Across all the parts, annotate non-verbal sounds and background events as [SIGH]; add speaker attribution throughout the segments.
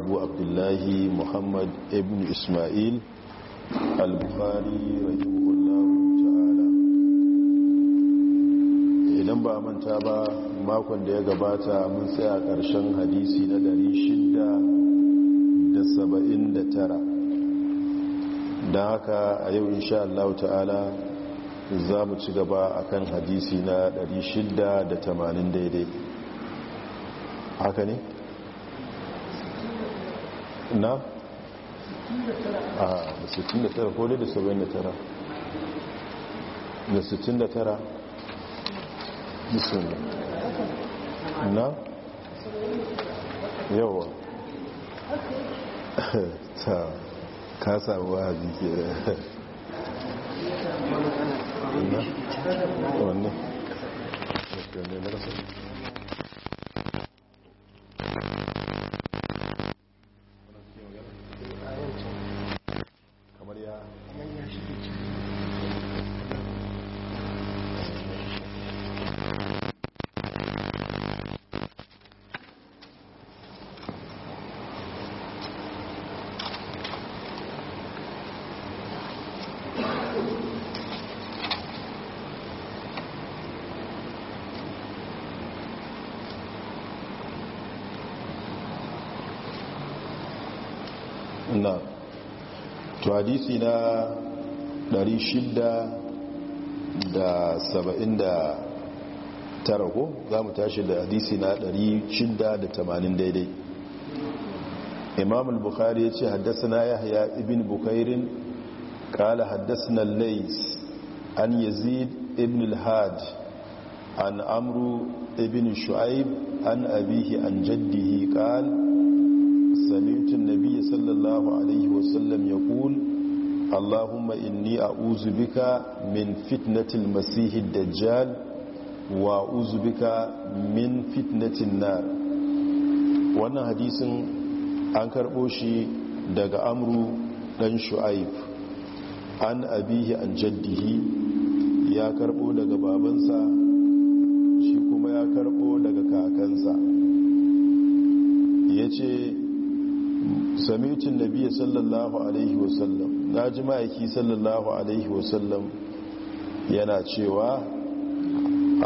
Speaker 1: abu abdullahi muhammad ibn ismail al-bukhari ta'ala idan ba manta ba makon da ya gabata mun a ƙarshen hadisi na 679 da haka a yau insha Allah ta'ala za mu ci gaba akan hadisi na 680 daidai haka ne? na a ah, da 69 ko dai da 79 da 69 na yawa [LAUGHS] ta kasa wa jike wannan wannan hadisi na 679 ko za mu tashi da hadisi na 680 daidai imam bukhari ya ce haddasa na yahya Ibin bukairin kala haddasa na lais an yazid ibn al had an amru ibn shu'aib an abihi an jaddihi kala سمعت النبي sallallahu alaihi wasallam ya يقول Allahumma inni a'udhu bika min fitnatil masihid dajjal wa a'udhu bika min fitnatin nar wannan hadisin an karbo shi daga amru dan shu'aib an abihi an jaddihi ya karbo daga babansa shi kuma ya karbo daga kakansa yace samitin nabiya sallallahu alaihi wasallam na ji ma'aiki sallallahu alaihi wasallam yana cewa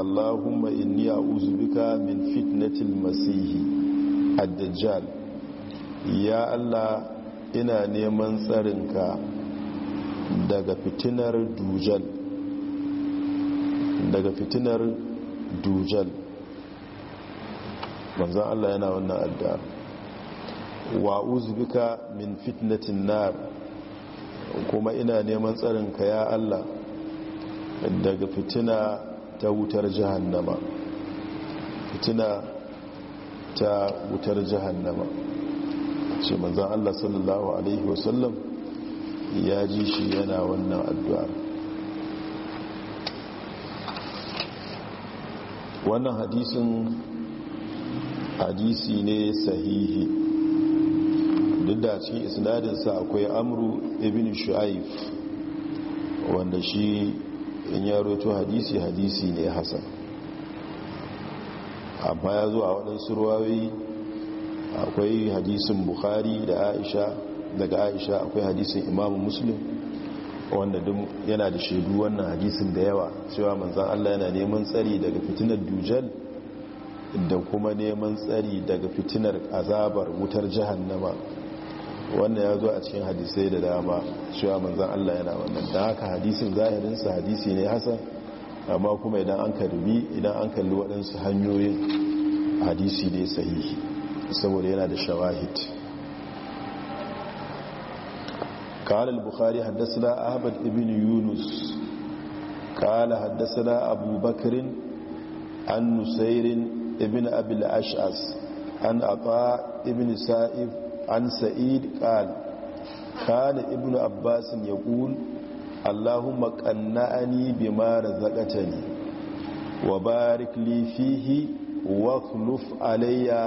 Speaker 1: allahumma inni niya bika min fitnatin masihi Adajal dajjal ya allah ina neman tsarinka daga fitinar dujal daga fitinar dujal manzan allah yana wannan addu'ar wa uzbika min fitnatin nar kuma ina neman tsarinka ya Allah daga fitina ta wutar jihannama. fitina ta wutar jihannama. shi manzan Allah sallallahu Alaihi wasallam ya ji shi yana wannan addu'ar wannan hadisin hadisi ne sahihi duk da cikin isnadinsa akwai amru ibn shu'aif wanda shi in ya roto hadisi hadisi ne hasan amma ya zuwa waɗansu ruwawi akwai hadisin bukhari da aisha daga aisha akwai hadisin imamu muslim wanda duk yana da shaidu wannan hadisin da yawa cewa manzan allah yana neman tsari daga fitinar dujal da kuma neman tsari daga fitinar azabar wutar jahannama wanda ya zo a cikin hadisai da dama cewa manzan Allah yana wannan da haka hadisin zahirinsa hadisi ne hasan amma kuma idan an karbi idan an kalli waɗansu hanyoyin hadisi ne sahihi saboda yana da shawahid قال البخاري حدثنا Ahmad بن Yunus, قال حدثنا أبو بكر عن نسير An-Afa Ibin عن an sa'id qal kana ibnu abbas yaqul allahumma qanna'ani bima razaqtani wa barik li fihi wa khluf alayya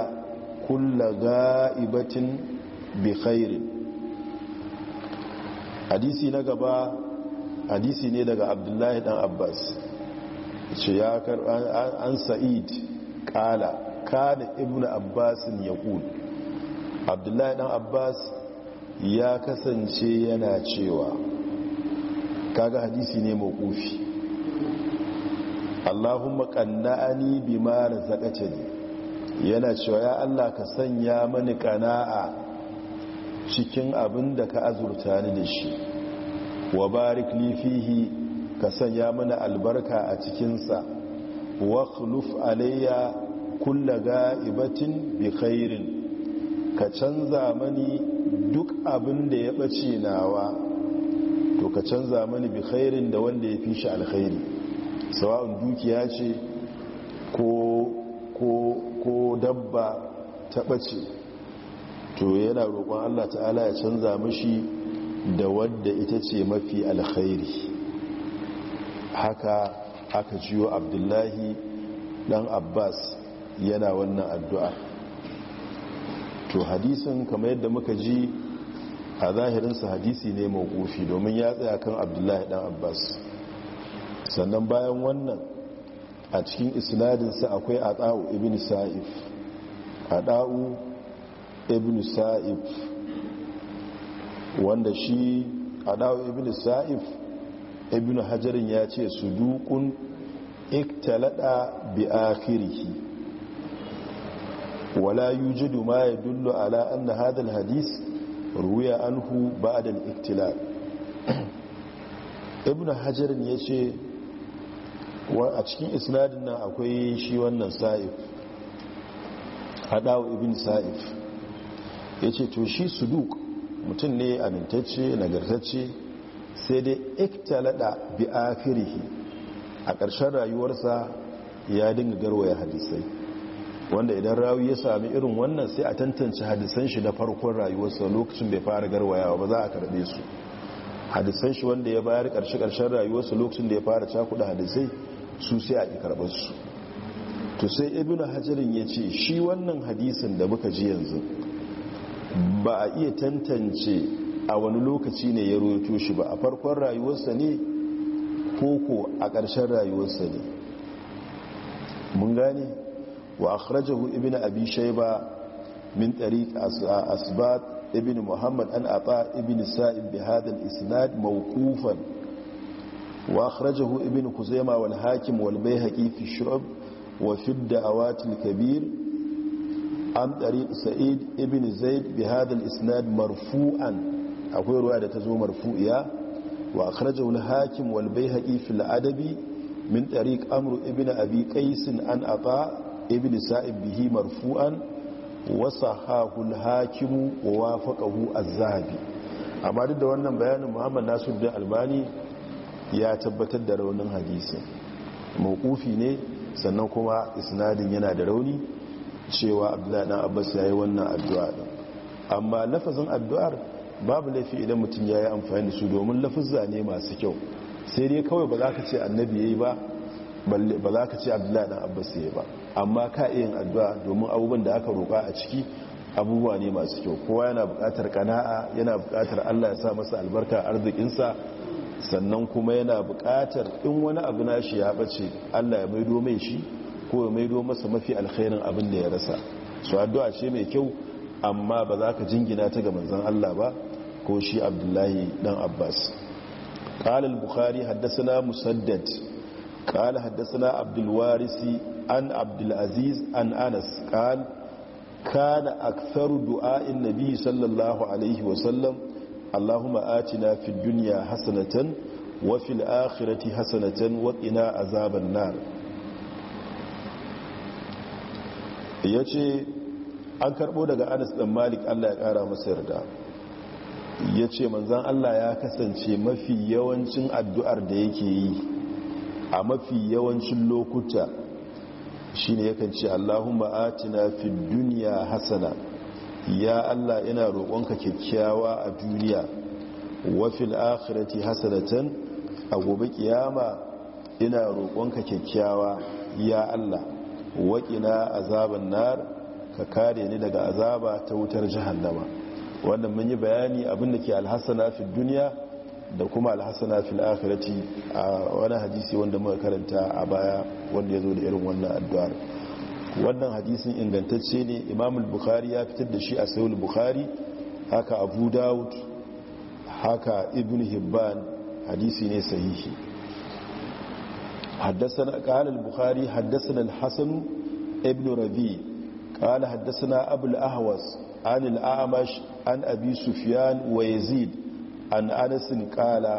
Speaker 1: kull ga'ibatin bi khairin hadisi na gaba hadisi ne daga abdullahi dan abbas ce ya karɓa an sa'id ƙala kada ibnu abbasin ya ƙul abdullahi dan abbas ya kasance yana cewa kaga hadisi ne kufi allahumma qanna'ani bima razaqtani yana cewa ya allah ka sanya mani qana'a cikin abin da ka azurta ni da shi wa barik li fihi ka sanya mani albarka a cikin sa wa khuluf alayya kullu ga'ibatin bi khairin ka canza mani duk abin da ya ɓace nawa to ka canza mani bi khairin da wanda ya fi shi alkhairi sawa'un dukiya ce ko ko dabba ta ɓace to yana roƙon Allah ta'ala ya canza mashi da wadda ita ce mafi alkhairi haka aka jiyo abdullahi dan abbas yana wannan addu'ar to hadisin kamar yadda muka ji a zahirinsa hadisi ne mai ƙofi domin ya tsaya kan abdullahi dan abbas sannan bayan wannan a cikin isnadinsa akwai a ɗa'u ibn sa'if a ɗa'u ibn sa'if wanda shi a ɗa'u ibn sa'if ibn hajarin ya ce su sudukun iktalada bi akhirihi wala yujidu ma yadullu ala anna hadha alhadith ruwiya anhu ba'da al-iktilal ibnu hajar ne yace wa a cikin isnadin nan akwai shi wannan sa'if hadawa ibn sa'if yace to shi suduk mutum ne amintacce nagartacce sai dai iktalada bi akhirih a ƙarshen rayuwarsa ya dinga garwaya hadisai wanda idan rawi ya sami irin wannan sai a tantance hadisan shi na farkon rayuwarsa lokacin bai fara garwaya ba za a karbe su hadisan shi wanda ya bayar karshe karshen rayuwarsa lokacin da ya fara cakuda hadisai su sai a karbar su to sai ibnu hajarin ya ce shi wannan hadisin da muka ji yanzu ba a iya tantance a wani lokaci ne ya roto shi ba a farkon rayuwarsa ne koko a ƙarshen rayuwarsa ne mun gane واخرجه ابن ابي شيبه من طريق أسباط ابن محمد ان اعطى ابن سائب بهذا الاسناد موقوفا واخرجه ابن خزيمه والحاكم والبيهقي في الشعب وفي الدعوات الكبير عن طريق سعيد ابن زيد بهذا الاسناد مرفوعا أقول روايه تزو مرفوعه واخرجه الحاكم والبيهقي في العدبي من طريق امر ابن ابي قيس ان اعطى ibn sa'id bihi marfu'an wa sahahul hakim wa wafaqahu az-zahabi amma duk da wannan bayanin Muhammad Nasiruddin Albani ya tabbatar da raunin hadisin mauqufi ne sannan kuma isnadin yana da rauni cewa Abdullahi dan Abbas yayi wannan addu'a din amma lafazin addu'ar babu laifi idan mutum yayi amfani da su domin lafazza ne masu kyau sai dai kawai ba za ka ce annabi yayi ba ba za ka ce abdullahi dan abbas yayi ba amma ka iya yin addu'a domin abubuwan da aka roƙa a ciki abubuwa ne masu kyau kowa yana buƙatar kana'a yana buƙatar Allah ya sa masa albarka arzikinsa sannan kuma yana buƙatar in wani abu nashi ya bace Allah ya maido mai shi ko ya maido masa mafi alkhairin abin da ya rasa su addu'a ce mai kyau amma ba za ka jingina ta ga manzon Allah ba ko shi Abdullahi dan Abbas Bukhari haddasa na musaddad قال حدثنا عبد الوارث عن عبد العزيز عن انس قال كان اكثر دعاء النبي صلى الله عليه وسلم اللهم آتنا في الدنيا حسنه وفي الاخره حسنه وقنا عذاب النار yace an karbo daga Anas dan Malik Allah ya kara masa yarda yace manzon Allah ya kasance mafi yawancin addu'ar da yake yi a mafi yawancin lokuta shi ne yakan ce allahumma atina fi duniya hasana ya allah ina roƙonka kyakkyawa a duniya wafin akhirati hasanatan a gobe kiyama ina roƙonka kyakkyawa ya allah waƙina azaban nar ka kare ni daga azaba ta wutar jihannama. wannan mun yi bayani abinda ke alhassana fi duniya da kuma alhassana fil akhirati a wani hadisi wanda muka karanta a baya wanda ya zo da irin wannan addu'ar wannan hadisin ingantacce ne imam al-bukhari ya fitar da shi a sahih al-bukhari haka abu dawud haka ibn hibban hadisi ne sahihi حدثنا قال البخاري حدثنا الحسن ابن ربيع قال حدثنا أبو الأهوس عن الأعمش عن أبي سفيان ويزيد an anasin kala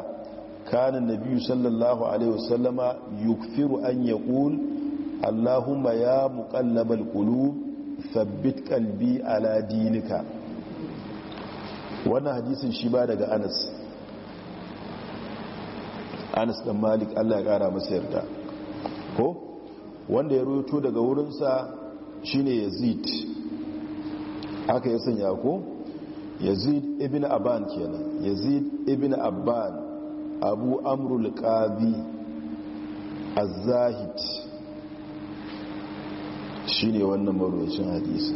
Speaker 1: kanin nabi sallallahu alaihi wasallama yukfiru an ya ƙul allahumma ya muƙallabal ƙulu sabbit kalbi ala dinika wannan hadisin shi ba daga anas anas ɗan malik allah ya ƙara masa yarda ko wanda ya roto daga wurinsa shine yazid haka ya sanya ko yazid ibn Abban kenan yazid ibn Abban abu amrul qabi az-zahid shine wannan marwayacin hadisi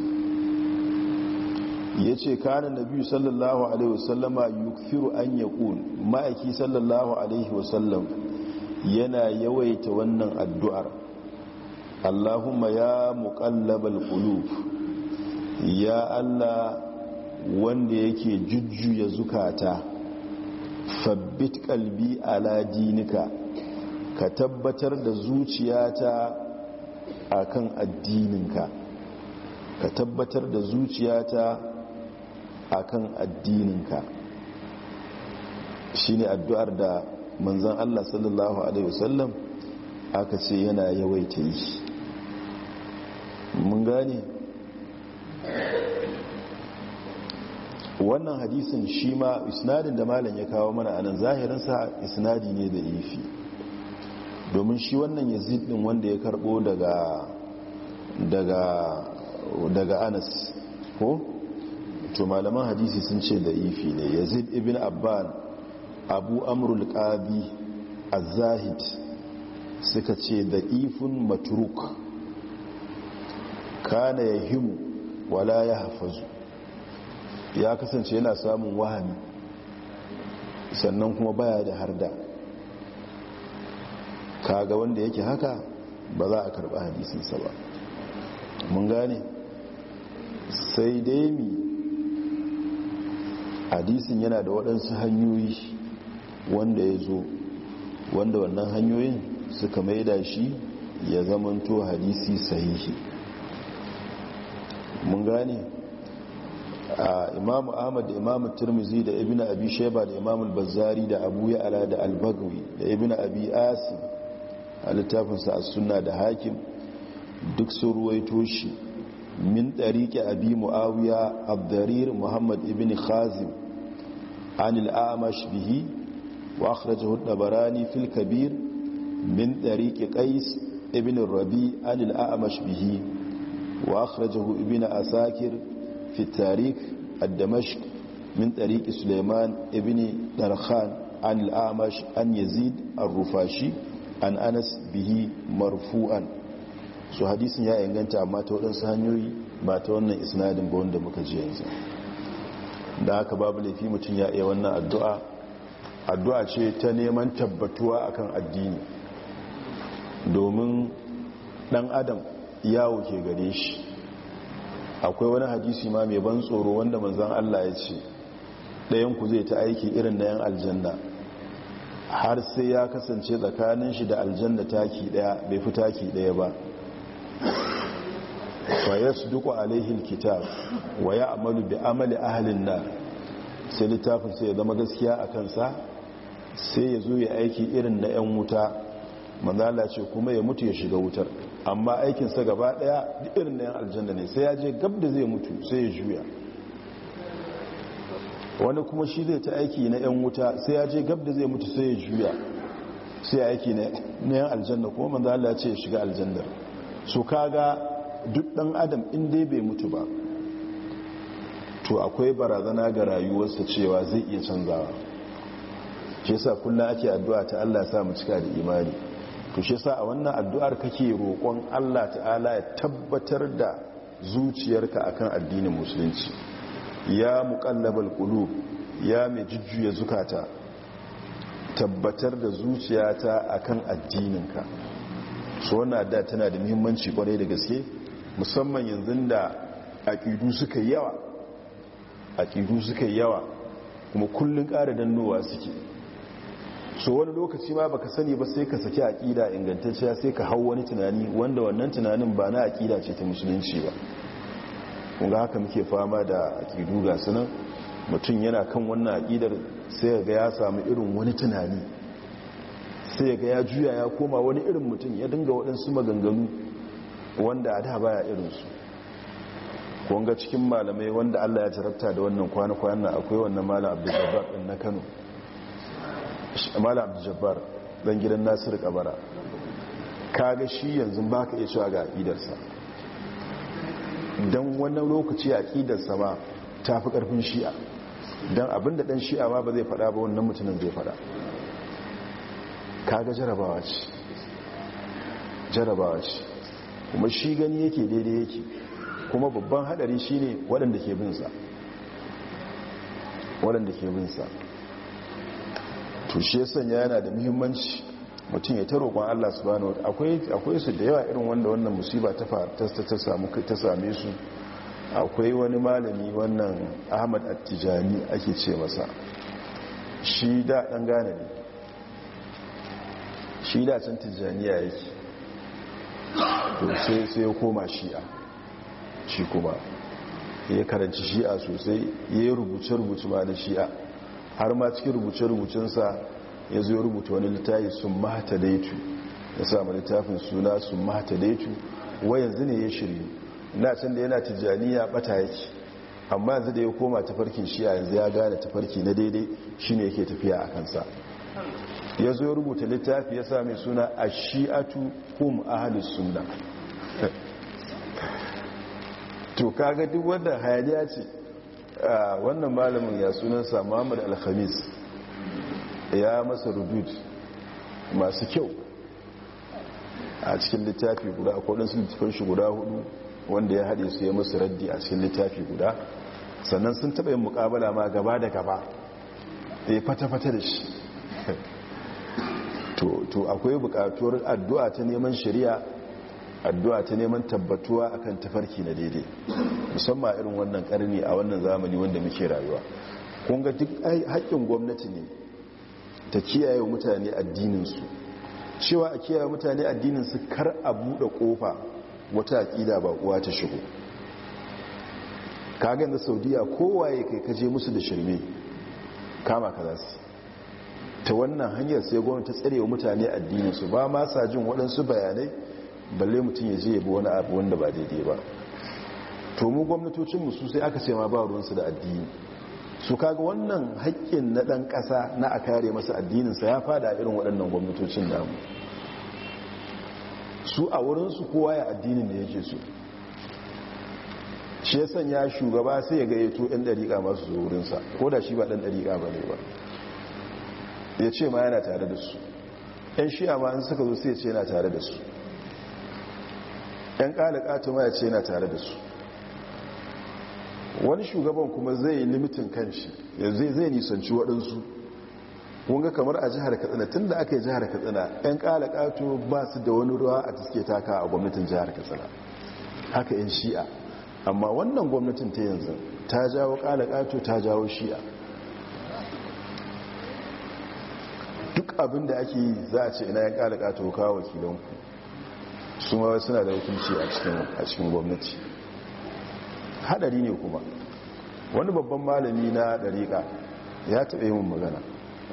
Speaker 1: yace kana nabi sallallahu alaihi wasallama yukthiru an yaqul ma'aiki sallallahu alaihi wasallam yana yawaita wannan addu'ar Allahumma ya muqallabal qulub ya Allah wanda yake jujjuya zukata fabbit kalbi ala dinika ka tabbatar da zuciyata akan addininka ka tabbatar da zuciyata akan addininka shine addu'ar da manzon Allah sallallahu alaihi wasallam aka ce yana yawaita yi mun gane wannan hadisin shi ma isnadin da malam ya kawo mana anan zahirin zahirinsa isnadi ne da ifi domin shi wannan yazid din wanda ya karbo daga daga daga anas ko to malaman hadisi sun ce da ifi ne yazid ibn abban abu amrul qadi az-zahid suka ce da ifin matruk kana yahimu wala yahfazu ya kasance yana samun wahani sannan kuma baya da harda kaga wanda yake haka ba za a karɓa hadisinsa ba mun gane sai dai mi hadisin yana da waɗansu hanyoyi wanda ya zo wanda wannan hanyoyin suka maida shi ya zamanto hadisi sahihi mun gane imamu ahmad da imamu tirmizi da ibn abi sheba da imamu bazzari da abu ya'ala da albagwi da ibn abi asim a littafinsa a sunna da hakim duk su ruwaito shi min ɗariƙe abi mu'awiya abdarir muhammad ibn khazim an al'amash bihi wa akhrajahu dabarani fil kabir min ɗariƙe qais ibn rabi an al'amash bihi wa akhrajahu ibn asakir في التاريخ الدمشق من min سليمان Sulaiman ibn عن an al يزيد an Yazid أنس rufashi an Anas bihi marfu'an so hadisin ya inganta amma ta wadansu hanyoyi ba ta wannan isnadin ba wanda muka ji yanzu da haka babu laifi mutum ya iya wannan addu'a addu'a ce ta neman tabbatuwa akan addini domin dan adam yawo ke gare shi akwai wani hadisi ma mai ban tsoro wanda manzan Allah ya ce ɗayanku zai ta aiki irin na yan aljanna har sai ya kasance tsakanin shi da aljanna taki ɗaya bai fi taki ɗaya ba wa ya su duku alaihin kitab wa ya amalu bi amali ahalin na sai littafin sai ya zama gaskiya a kansa sai ya zo ya aiki irin na 'yan wuta manzala ce kuma ya mutu ya shiga wutar amma aikinsa gaba daya irin na yan aljanna ne sai ya je gab da zai mutu sai ya juya wani kuma shi zai ta aiki na yan wuta sai ya je gab da zai mutu sai ya juya sai ya aiki na yan aljanna kuma manzo Allah ya ce ya shiga aljanna so kaga duk dan adam in dai bai mutu ba to akwai barazana ga rayuwarsa cewa zai iya canzawa shi yasa kullum ake addu'a ta Allah ya sa mu cika da imani to shi sa a wannan addu'ar kake roƙon Allah ta'ala ya tabbatar da zuciyarka akan addinin musulunci ya muƙallabal ƙulu ya mai jujjuya zukata tabbatar da zuciyata akan addininka su wannan da tana da muhimmanci kwarai da gaske musamman yanzu da aƙidu suka yawa suka yawa kuma kullum ƙara dannowa suke so wani lokaci ma baka sani ba sai ka saki aqida ingantacciya sai ka hau wani tunani wanda wannan tunanin ba na aqida ce ta musulunci ba kun haka muke fama da aqidu ga sunan mutum yana kan wannan aqidar sai ga ya samu irin wani tunani sai ga ya juya ya koma wani irin mutum ya dinga waɗansu maganganu wanda a da baya irinsu kun ga cikin malamai wanda Allah ya jarabta da wannan kwana-kwana akwai wannan malam Abdul Jabbar din na Kano malam jabbar dan gidan nasiru kabara kaga shi yanzu ba ka iya cewa ga akidarsa don wannan lokaci akidarsa ma ta fi ƙarfin shi'a don abinda dan shi'a ma ba zai fada ba wannan mutumin zai fada kaga jarabawa ce jarabawa ce kuma shi gani yake daidai yake kuma babban hadari shine ne waɗanda ke binsa waɗanda ke binsa to sanya yana da muhimmanci mutum ya ta kwan Allah su bane akwai su da yawa irin wanda wannan musiba ta ta same su akwai wani malami wannan Ahmad Attijani ake ce masa shi da ɗan gane ne shi da can tijjaniya yake to sai sai ya koma shi'a shi kuma ya karanci shi'a sosai ya yi rubuce-rubuce ma da shi'a har ma cikin rubuce-rubucensa ya zo rubuta wani littafi sun mata daitu ya samu littafin suna sun mata daitu wa yanzu ne ya shirye na can da yana ya bata yake amma yanzu da ya koma tafarkin shi a yanzu ya gane tafarki na daidai shi ne yake tafiya a kansa ya zo rubuta littafi ya sa mai suna a shi'atu hum ahalus suna. [LAUGHS] to kaga duk wanda hayaniya ce Ah, wannan malamin ya sunansa muhammad alhamis ya masa rudud masu kyau a cikin littafi guda sun littafin shi guda hudu wanda ya haɗe su ya masu raddi a cikin littafi guda sannan sun taɓa yin mukabala ma gaba da gaba ya eh, fata-fata da shi [LAUGHS] to akwai bukatuwar addu'a ta neman shari'a addu'a ta neman tabbatuwa akan tafarki na daidai musamman irin wannan karni a wannan zamani wanda muke rayuwa kun ga duk haƙƙin gwamnati ne ta kiyaye mutane addininsu cewa a kiyaye mutane su kar a buɗe kofa wata aƙida ba uwa ta shigo kagan da saudiya kowaye kai kaje musu da shirme kama ka su ta wannan hanyar sai gwamnati ta tsarewa mutane addinin su ba ma sa jin waɗansu bayanai balle mutum ya je ya bi wani abu wanda ba daidai ba to mu gwamnatocinmu su sai aka ce ma ba ruwansu da addini su kaga wannan haƙƙin na ɗan ƙasa na a kare masa addininsa ya fada irin waɗannan gwamnatocin namu su a wurinsu kowa ya addinin da yake so shi ya sanya shugaba sai ya gayyato 'yan ɗariƙa masu zo wurinsa ko da shi ba ɗan ɗariƙa ba ne ba ya ce ma yana tare da su 'yan shiya ma in suka zo sai ce yana tare da su yan ƙalaƙatu ma ya ce yana tare da su wani shugaban kuma zai yi limitin kan shi yanzu zai nisanci waɗansu kunga kamar a jihar katsina tun da aka yi jihar katsina yan ƙalaƙatu ba su da wani ruwa a ciske taka a gwamnatin jihar katsina haka yan shi'a amma wannan gwamnatin ta yanzu ta jawo ƙalaƙatu ta jawo shi'a duk abin da ake yi za a ce ina yan ƙalaƙatu kawo wakilanku su ma suna da hukunci a cikin gwamnati hadari ne kuma wani babban malami na dariƙa ya taɓa yi yin magana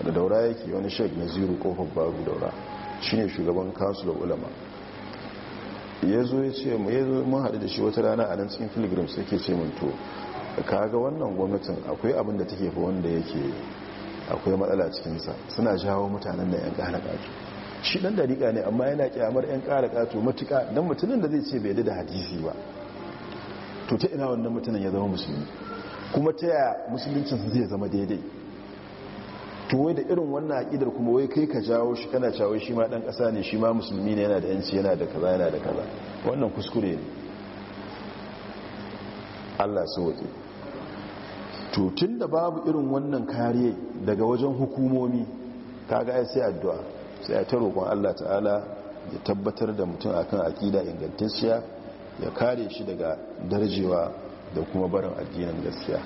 Speaker 1: da daura yake wani shek na ziru kofar baru daura shine shugaban kansular ulama ya zo ya ce mu ya zo mun haɗu da shi wata rana a nan cikin filigrams yake ce mun to kaga wannan gwamnatin akwai abin da take fa wanda yake akwai matsala cikinsa suna jawo mutanen da yan gane ƙaƙi shi dan dariƙa ne amma yana kyamar ƴan ƙara ƙato matuƙa don mutumin da zai ce bai da hadisi ba to ta ina wannan mutumin ya zama musulmi kuma ta yaya musuluncinsa zai zama daidai to wai da irin wannan aƙidar kuma wai kai ka jawo shi kana jawo shi ma ɗan ƙasa ne shi ma musulmi ne yana da yanci yana da kaza yana da kaza wannan kuskure ne allah su waje to tun da babu irin wannan kariye daga wajen hukumomi kaga ai sai addu'a sai a ta Allah ta'ala ya tabbatar da mutum a kan aƙida ingantacciya ya kare shi daga darjewa da kuma barin addinin gaskiya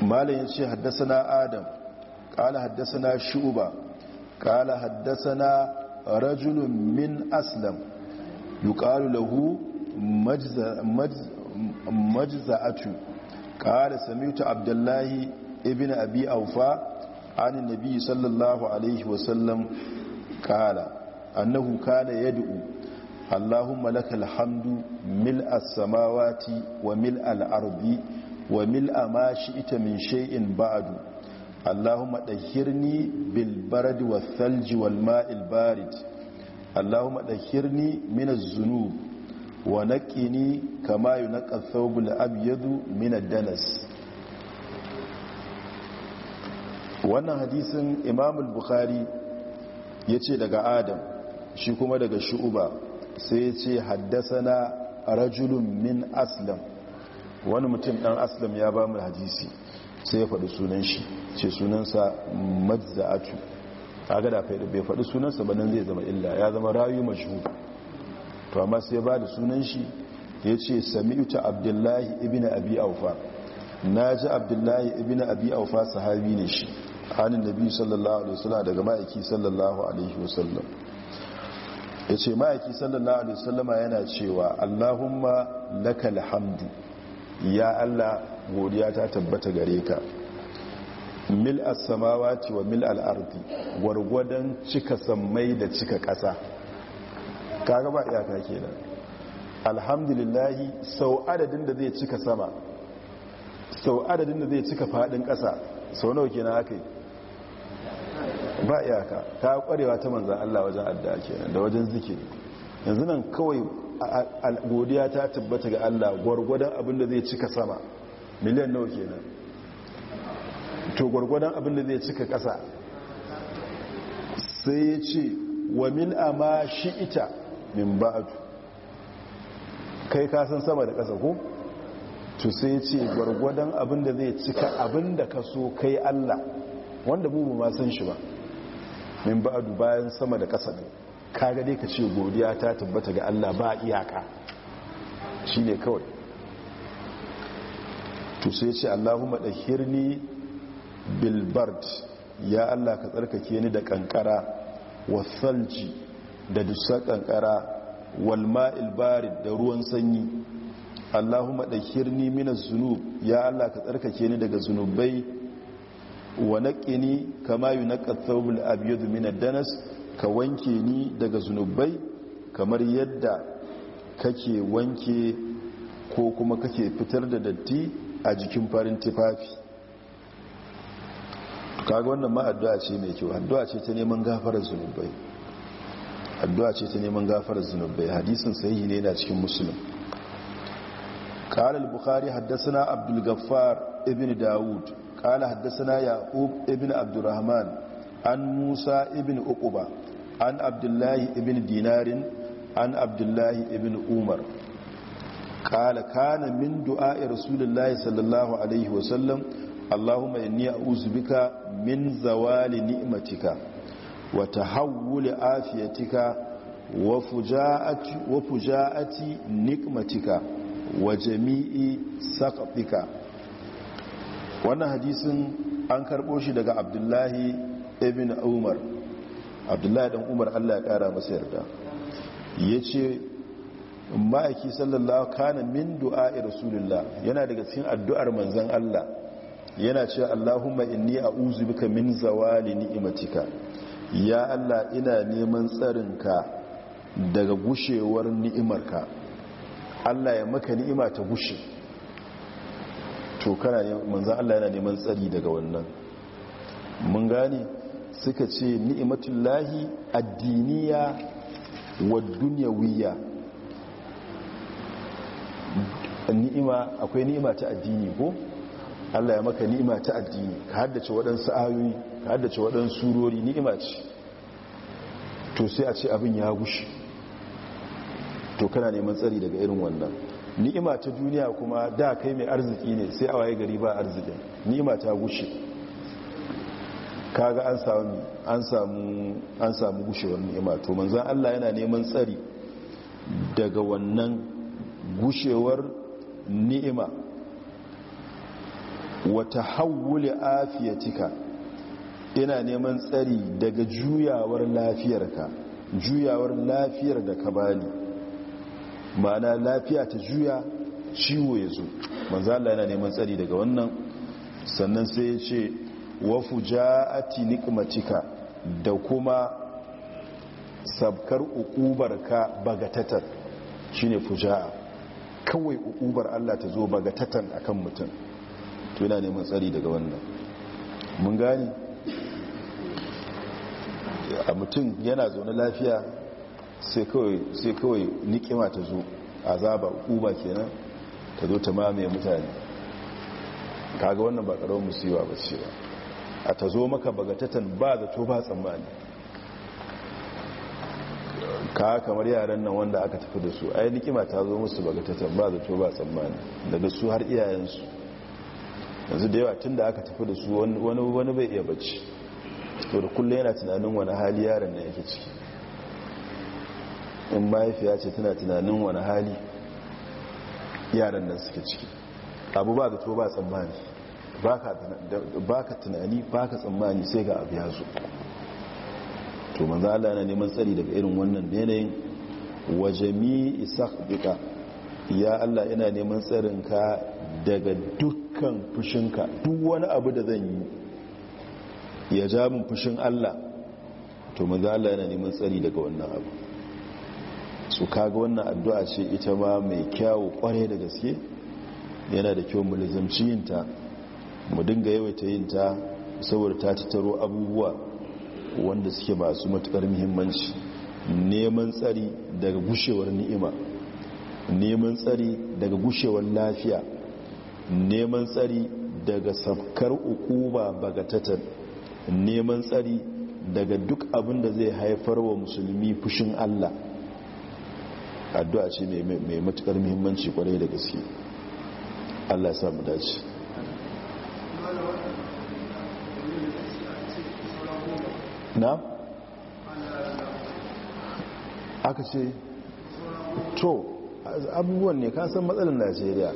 Speaker 1: malayin ce haddasa na adam ƙala haddasa na shuba ƙala haddasa na rajulun min aslam yuƙalu lahu majza'atu ƙala samitu abdullahi ibn abi aufa عن النبي صلى الله عليه وسلم قال أنه كان يدعو اللهم لك الحمد ملء السماوات وملء الأرض وملء ما شئت من شيء بعد اللهم دهرني بالبرد والثلج والماء البارد اللهم دهرني من الذنوب ونقني كما ينقى الثوب الأبيض من الدنس wannan hadisin imamul bukhari ya ce daga adam shi kuma daga shu'uba sai ya ce haddasa na rajulun min aslam wani mutum ɗan aslam ya ba mu hadisi sai ya faɗi sunan shi ce sunansa mazza'atu a gada bai faɗi sunansa ba nan zai zama illa ya zama rayu mashu to amma sai ya ba da sunan shi ya ce sami'uta abdullahi ibn abi aufa na ji abdullahi ibn abi aufa sahabi ne shi hannun nabi sallallahu alaihi wasallam daga ma'aiki sallallahu alaihi wasallam ya ce ma'aiki sallallahu alaihi wasallama yana cewa allahumma lakal hamdu ya allah godiya ta tabbata gare ka mil as-samawati wa mil al-ardi gwargwadon cika sammai da cika ƙasa kaga ba iyaka kenan alhamdulillahi sau adadin da zai cika sama sau adadin da zai cika fadin ƙasa sau nawa kenan yi ba iyaka ta kwarewa ta manzan Allah wajen addu'a kenan da wajen zikiri yanzu nan kawai godiya ta tabbata ga Allah gwargwadon abin da zai cika sama miliyan nawa kenan to gwargwadon abin da zai cika ƙasa sai ya ce wa min ama shi ita min ba'atu kai kasan sama da ƙasa ko to sai ya ce gwargwadon abin da zai cika abin da ka so kai Allah wanda bubu ma san shi ba min ba'adu bayan sama da ƙasa kaga dai ka ce godiya ta tabbata ga Allah ba iyaka shine kawai to sai ce Allahumma dahirni bil bard ya Allah ka tsarkake ni da kankara salji da dusar kankara wal ma'il barid da ruwan sanyi Allahumma dahirni minaz zunub ya Allah ka tsarkake ni daga zunubai wa naqini kama yunqa thawbul abyad min ad-danas ka wanke ni daga zunubai kamar yadda kake wanke ko kuma kake fitar da datti a jikin farin tufafi kaga wannan ma addu'a ce mai kyau addu'a ce ta neman gafarar zunubai addu'a ce ta neman gafarar zunubai hadisin sahihi ne yana cikin muslim qala al-bukhari haddathana abdul ghaffar ibn daud qala haddathana yaqub ibn abdurrahman an musa ibn uquba an abdullahi ibn dinarin an abdullahi ibn umar قال كان من دعاء رسول الله صلى الله عليه وسلم اللهم إني أعوذ بك من زوال نعمتك وتحول عافيتك وفجاءة وفجاءة نقمتك وجميع سقطك wannan hadisin an karbo shi daga abdullahi ibn umar abdullahi dan umar allah ya ƙara masa yarda ya ce ma'aiki sallallahu kana min du'a'i rasulullah yana daga cikin addu'ar manzan allah yana ce allahumma inni a bika min zawali ni'imatika ya allah ina neman tsarinka daga gushewar ni'imarka allah ya maka ni'ima ta gushe to kana manzo Allah yana neman tsari daga wannan mun gane suka ce ni'matullahi addiniya wa dunyawiya ni'ima akwai ni'ima ta addini ko Allah ya maka ni'ima ta addini ka haddace waɗansu ayoyi ka haddace waɗansu surori ni'ima ce to sai a ce abin ya gushi to kana neman tsari daga irin wannan ni'ima ta duniya kuma da kai mai arziki ne sai a waye gari ba arzikin ni'ima ta gushe kaga an samu an samu an samu gushewar ni'ima to manzon Allah yana neman tsari daga wannan gushewar ni'ima wa tahawul afiyatika ina neman tsari daga juyawar lafiyarka juyawar lafiyar da ka bani ma'ana lafiya ta juya ciwo ya zo manzo yana neman tsari daga wannan sannan sai ya ce wa fujaati nikmatika da kuma sabkar ukubarka bagatatan shine fujaa kawai ukubar Allah ta zo bagatatan akan mutum to yana neman tsari daga wannan mun gani a mutum yana zaune lafiya sai kawai nikima ta zo azaba uba kenan ta zo ta mamaye mutane kaga wannan ba karon musiba ba ce ba a ta zo maka bagatatan ba da to ba tsammani ka kamar yaran nan wanda aka tafi da su ai nikima ta zo musu bagatatan ba da to ba tsammani daga su har iyayensu yanzu da yawa tun da aka tafi da su wani bai iya bacci to da kullum yana tunanin wani hali yaren nan yake ciki in mahaifiya ce tana tunanin wani hali yaran nan suke ciki abu ba zato ba tsammani ba ka tunani ba ka tsammani sai ga abu ya zo to za a yana neman tsari daga irin wannan yanayin Wajami jami'i duka ya Allah ina neman tsarinka daga dukkan fushinka duk wani abu da zan yi ya ja min fushin Allah to za a yana neman tsari daga wannan abu su kaga wannan addu'a ce ita ma mai kyawu kware da gaske yana da kyau mu lizamci yinta mu dinga yawaita yinta saboda ta tattaro abubuwa wanda suke masu matukar muhimmanci neman tsari daga gushewar ni'ima neman tsari daga gushewar lafiya neman tsari daga safkar ukuba bagatatar neman tsari daga duk abin da zai haifar wa musulmi fushin Allah addu'a ce mai matukar muhimmanci kwarai da gaske allah ya samu dace na? aka ce to abubuwan ne kasan matsalar najeriya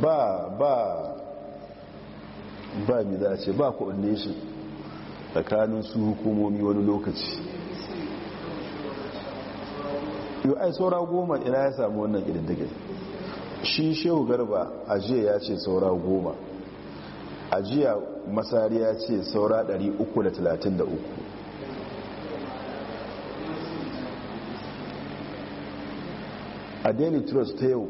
Speaker 1: ba ba ba mi za ce ba coordination tsakanin su hukumomi wani lokaci yau ai saura goma ina ya samu wannan ƙididdigin shi shehu garba ajiya ya ce saura goma ajiya masari ya ce saura 333 a daily trust ta yau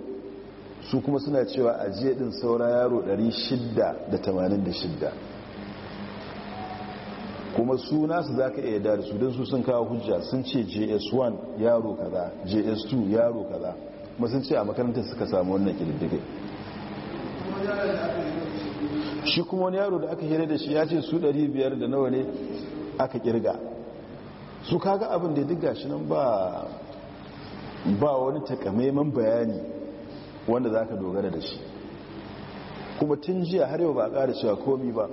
Speaker 1: su kuma suna cewa ajiya din saura yaro 686 kuma su nasu za ka iya da su don su sun kawo hujja sun ce js1 yaro kaza js2 yaro kaza kuma sun ce a makarantar suka samu wannan kididdigai shi kuma wani yaro da aka hira da shi ya ce su 500 da nawa ne aka kirga su kaga abin da duk gashi nan ba ba wani takamaiman bayani wanda za ka dogara da shi kuma tun jiya har yau ba a ƙara cewa komi ba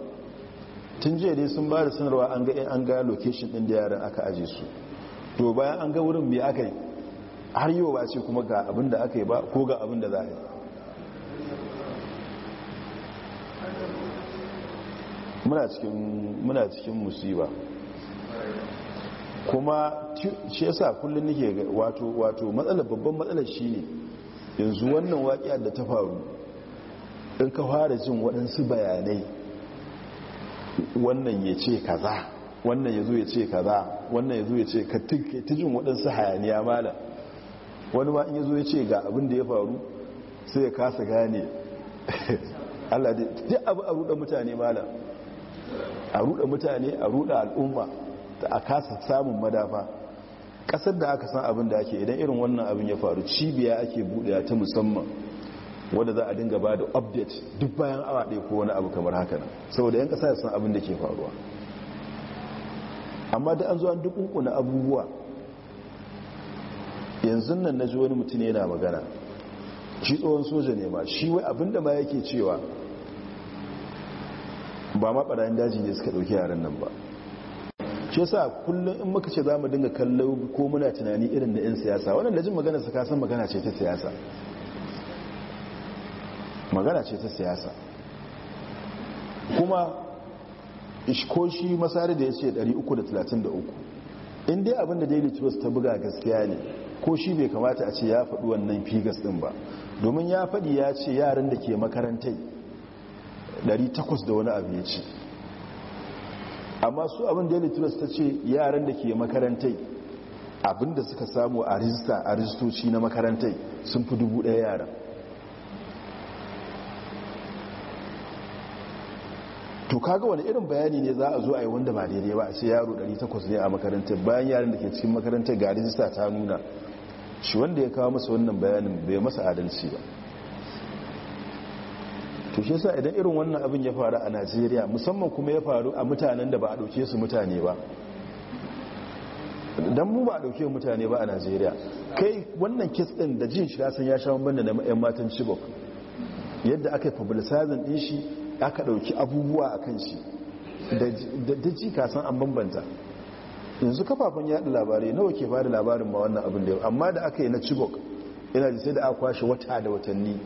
Speaker 1: tun jiya dai sun ba da sanarwa an ga an ga location din da yaran aka aje su to bayan an ga wurin me aka yi har yau ba ce kuma ga abin da aka yi ba ko ga abin da za a yi muna cikin musiba kuma shi yasa kullum nake wato wato matsalar babban matsalar shine yanzu wannan waƙiyar da ta faru in ka fara jin waɗansu bayanai wannan ya ce kaza wannan ya zo ya ce kaza wannan ya zo ya ce ka tijin waɗansu hayaniya malam wani ma in ya zo ya ce ga abin da ya faru sai ya kasa gane [LAUGHS] Allah dai abu a ruɗa mutane malam a ruɗa mutane a ruɗa al'umma a kasa samun madafa ƙasar da aka san abin da ake idan irin wannan abin ya faru cibiya ake buɗe ta musamman Wanda za a dinga ba da update duk bayan awa ɗaya ko wani abu kamar haka nan saboda yan ƙasa san abin da ke faruwa amma da an zo duk duk na abubuwa yanzu nan na ji wani mutum yana magana shi tsohon soja ne ma shi wai abin da ma yake cewa ba ma ɓarayin daji ne suka ɗauki yaren nan ba ce sa kullum in muka ce za mu dinga kallo ko muna tunani irin da 'yan siyasa wannan jin magana su kasan magana ce ta siyasa magana ce ta siyasa kuma ishkoshi masari da ya ce 333 inda abin da daily trust ta buga gaskiya ne ko shi bai kamata a ce ya faɗi wannan figas ɗin ba domin ya faɗi ya ce yaran da ke makarantai 800 da wani abu ya ce amma su abin daily trust ta ce yaran da ke makarantai abinda suka samu a rizistoci na makarantai sun fi dubu ɗaya yaran to kaga wani irin bayani ne za a zo a yi wanda ba daidai ba a ce yaro 800 ne a makarantar bayan yaran da ke cikin makarantar ga rijista ta nuna shi wanda ya kawo masa wannan bayanin bai masa adalci ba to shi yasa idan irin wannan abin ya faru a Najeriya musamman kuma ya faru a mutanen da ba a dauke su mutane ba Don mu ba a dauke mutane ba a Najeriya kai wannan kes ɗin da jin shi san ya sha banda na 'yan matan Chibok yadda aka yi publicizing din shi aka ɗauki abubuwa a kan shi da ji san an bambanta yanzu kafafen yaɗa labarai nawa ke fara labarin ba wannan abin da yau amma da aka yi na chibok yana da sai da aka kwashe wata da watanni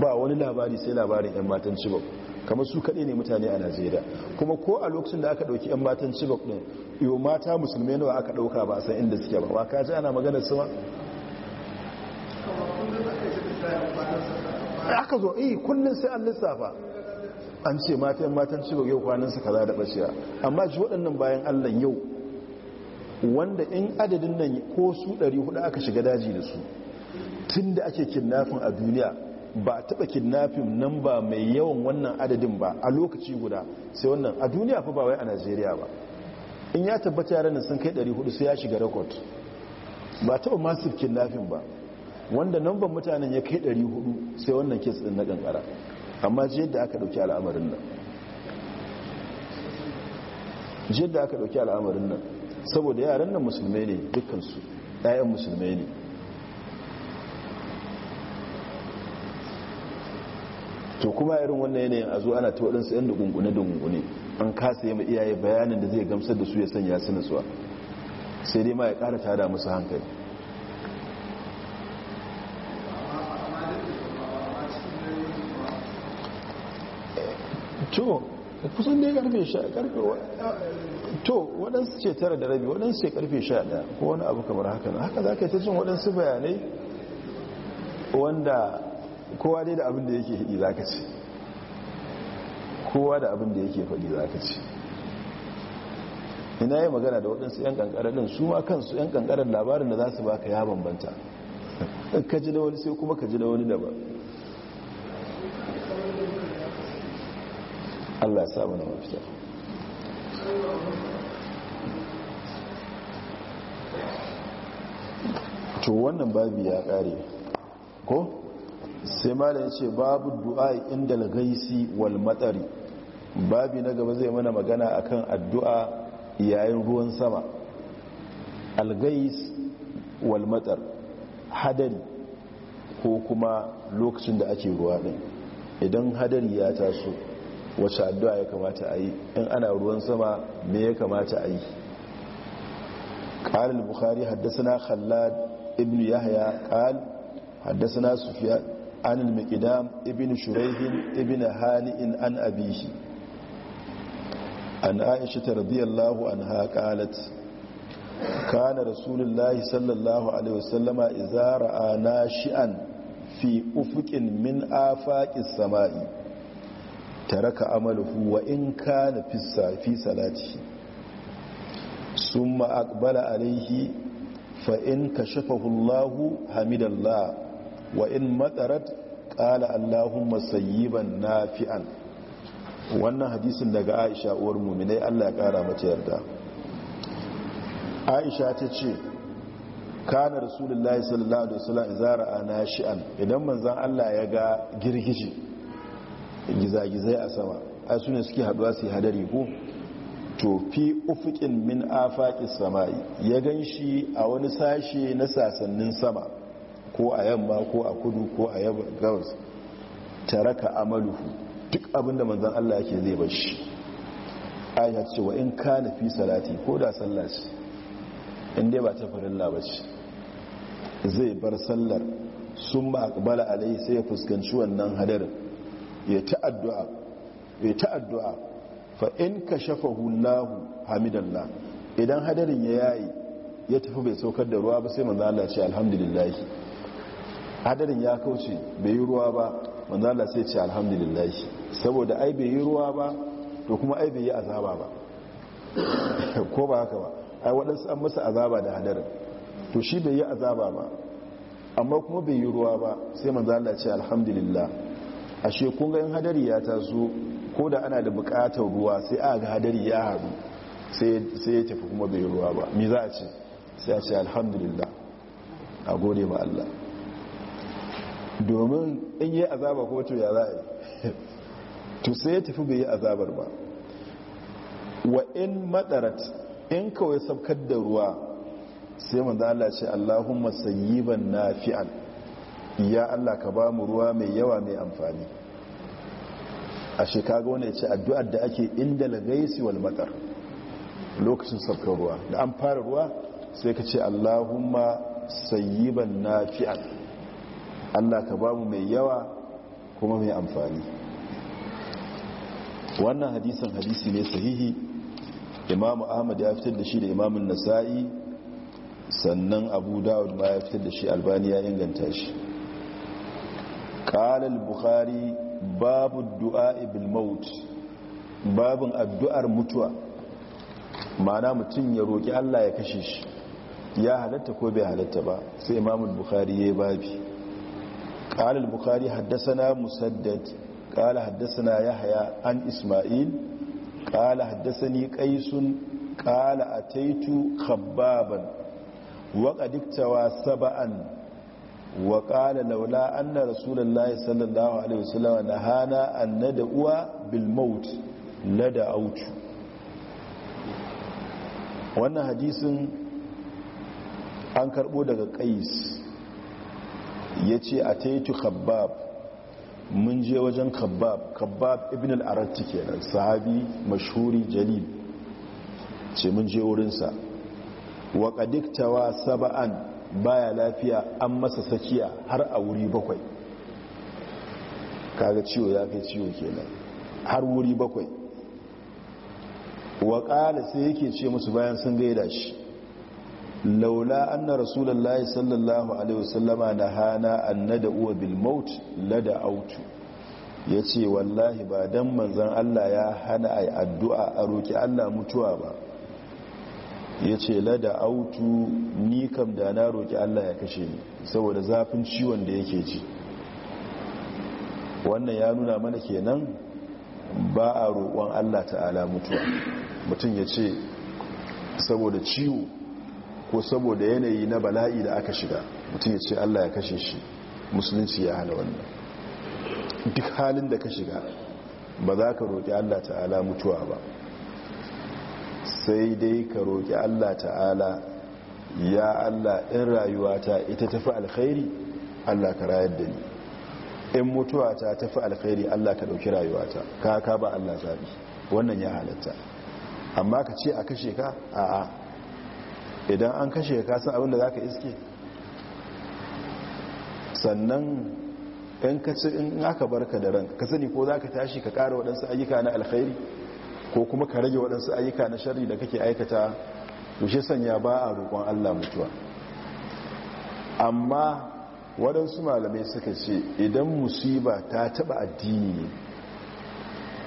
Speaker 1: ba wani labari sai labarin 'yan matan chibok kamar su kaɗai ne mutane a najeriya kuma ko a lokacin da aka ɗauki 'yan matan chibok ɗin yau mata musulmai nawa aka ɗauka ba a san inda suke ba ba ka ji ana maganar sama aka zo eh kullum sai an lissafa an ce mata matan matan ciwo yau kwanansa kaza da basiya amma ji waɗannan bayan allah yau wanda in adadin nan ko su 400 aka shiga daji da su tun da ake kidnafin a duniya ba a taɓa kidnafin nan ba mai yawan wannan adadin ba a lokaci guda sai wannan a duniya fa ba wai a najeriya ba in ya tabbata yaran nan sun kai 400 sai ya shiga rekod ba a taɓa masu kidnafin ba wanda namban mutanen ya kai 400 sai wannan kes ɗin na ƙanƙara amma jiyar da aka dauki al'amarin nan jiyar da aka dauki al'amarin nan saboda yaran nan musulmai ne su ɗayan musulmai ne to kuma irin wannan yanayin a zo ana ta da 'yan da gungune an kasa yi ma iyaye bayanin da zai gamsar da su ya sanya su sai dai ma ya ƙara tada musu hankali to kusan dai karfe sha karfe to waɗansu ce tara da rabi waɗansu ce karfe sha ɗaya ko wani abu kamar haka haka za ka yi ta cin waɗansu bayanai wanda kowa dai da abin da yake haɗi za ka ce kowa da abin da yake faɗi za ka ce ina yi magana da waɗansu 'yan ɗin su ma kansu 'yan ƙanƙarar labarin da za su baka ya bambanta ka ji da wani sai kuma ka ji da wani daban Allah ya samu na mafita to wannan babu ya kare ko sai malam ya ce babu du'a inda lagaisi wal matsari babu na gaba zai mana magana a kan addu'a yayin ruwan sama algais wal matsar hadari ko kuma lokacin da ake ruwa ɗin idan hadari ya taso wace addu’a ya kamata ayi, yi in ana ruwan sama me ya kamata a yi ƙalil bukari haddasa khallad ibn yahya ƙal haddasa na sufiya anil maƙidam ibn shuraihin ibn hali'in an abihi an aisha ta radiyallahu an haƙalat kana rasulullahi sallallahu alaihi wasallama izara a nashi'an fi ufukin min afaƙis sama'i taraka amaluhu wa in kana fi salati summa aqbala alayhi fa in kashafahu Allahu hamidallah wa in matarat qala Allahumma sayyiban nafi'an wannan hadisin daga Aisha uwar mu'minai Allah ya kara mata yarda Aisha ta ce kana rasulullahi sallallahu alaihi wasallam zara'a nashi'an idan manzon Allah ya ga girgije gizagizai a sama a suna suke haduwa su yi hadari ko to fi ufukin min afaƙis sama'i ya gan a wani sashe na sasannin sama ko a yamma ko a kudu ko a yamma ta taraka amaluhu duk abinda manzan Allah yake zai bashi ayat cewa in ka fi salati ko da sallah ce in ba ta farin bace zai bar sallar sun ba akbala alai sai ya fuskanci wannan hadarin ya ta'addu'a ya fa in kashafahu hamidan hamidallah idan hadarin ya yayi ya tafi bai saukar da ruwa ba sai manzo Allah ce alhamdulillah hadarin ya kauce bai yi ruwa ba manzo Allah sai ce alhamdulillah saboda ai bai yi ruwa ba to kuma ai bai yi azaba ba [LAUGHS] ko ba haka ba ai waɗansu an masa azaba da hadarin to shi bai yi azaba ba amma kuma bai yi ruwa ba sai manzo Allah ce alhamdulillah ashe kunga ga hadari ya taso ko da ana da bukatar ruwa sai a ga hadari ya haru sai ya tafi kuma bai ruwa ba mi za a ce sai a ce alhamdulillah a gode ma Allah domin in yi azaba ko to ya za a yi [LAUGHS] to sai ya tafi bai yi azabar ba wa in madarat in kawai sabkar da ruwa sai manzo Allah ce Allahumma sayyiban nafi'an ya Allah ka ba mu ruwa mai yawa mai amfani a shekaru ne ya ce addu'ar da ake inda lagaisi wal matar lokacin sabkar ruwa da an fara ruwa sai ka ce Allahumma sayyiban nafi'an Allah ka ba mu mai yawa kuma mai amfani wannan hadisan hadisi ne sahihi imamu ahmad ya fitar da shi da imamun nasa'i sannan abu dawud ma ya fitar da shi albani ya inganta shi قال البخاري باب الدعاء بالموت باب addu'ar mutuwa mana mutum ya roƙi Allah ya kashe shi ya halatta ko bai halatta ba sai imamul bukhari ya yi babi ƙalil bukhari haddasa musaddad ƙala haddasa na yahaya an ismail ƙala haddasa ni ƙaisun ƙala a taitu khabbaban waƙadiktawa saba'an wa qala laula rasulun rasulullahi sallallahu alaihi wasallam nahana an bilmout na da autu. wannan hadisin an karbo daga ya ce a taitu khabab mun je wajen khabab khabab ibn al ke nan sahabi mashuri jalil ce mun je wurinsa wa qadiktawa sab'an baya lafiya an masa sakiya har a wuri bakwai kaga ciwo ya kai ciwo kenan har wuri bakwai wa sai yake ce musu bayan sun gaida shi laula anna rasulullahi sallallahu alaihi wasallama da hana annada uwa bil maut lada autu yace wallahi ba dan manzon Allah ya hana ai addu'a a roki Allah mutuwa ba ya ce lada autu ni kam da na roƙi allah ya kashe ni saboda zafin ciwon da yake ji wannan ya nuna mana kenan ba a roƙon allah ta'ala mutuwa mutum ya ce saboda ciwo ko saboda yanayi na bala'i da aka shiga mutum ya ce allah ya kashe shi musulunci ya hana wannan duk halin da ka shiga ba za ka roƙi allah ta'ala mutuwa ba sai dai ka roƙi allah ta'ala ya allah in rayuwata ita tafi alkhairi allah ka rayar da ni in mutuwata tafi alkhairi allah ka ɗauki rayuwata ka ka ba allah zaɓi wannan ya halatta amma ka ce a kashe ka a'a idan an kashe ka san abin da za ka iske sannan in ka aka ka da ranka ka sani ko za ka tashi ka ƙara waɗansu ayyuka na alkhairi ko kuma ka rage waɗansu ayyuka na shari da kake aikata mushe sanya ba a roƙon Allah mutuwa amma waɗansu malamai suka ce idan musiba ta taɓa addini ne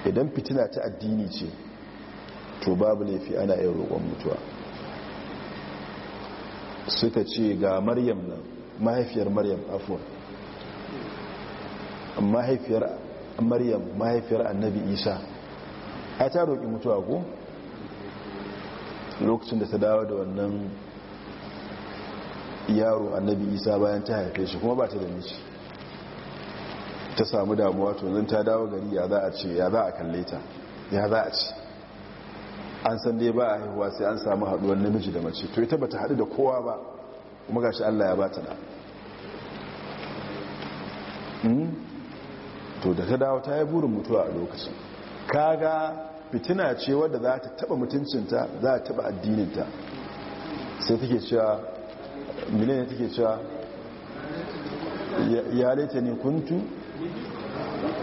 Speaker 1: idan fitina ta addini ce to babu laifi ana yin roƙon mutuwa suka ce ga maryam nan mahaifiyar maryam afuwa mahaifiyar maryam mahaifiyar annabi isa a ta roƙi mutuwa ko lokacin da ta dawo da wannan yaro annabi isa bayan ta haife shi kuma ba ta da miji ta samu damuwa to zan ta dawo gari ya za a ce ya za a kalle ta ya za a ce an san dai ba a haihuwa sai an samu haɗuwar namiji da mace to ita ba ta haɗu da kowa ba kuma gashi allah ya ba ta na hmm? to da ta dawo ta yi burin mutuwa a lokacin kaga fitina ce wadda za ta taba mutuncinta za ta taba addininta sai take cewa miliyar take cewa ya laita ne kuntu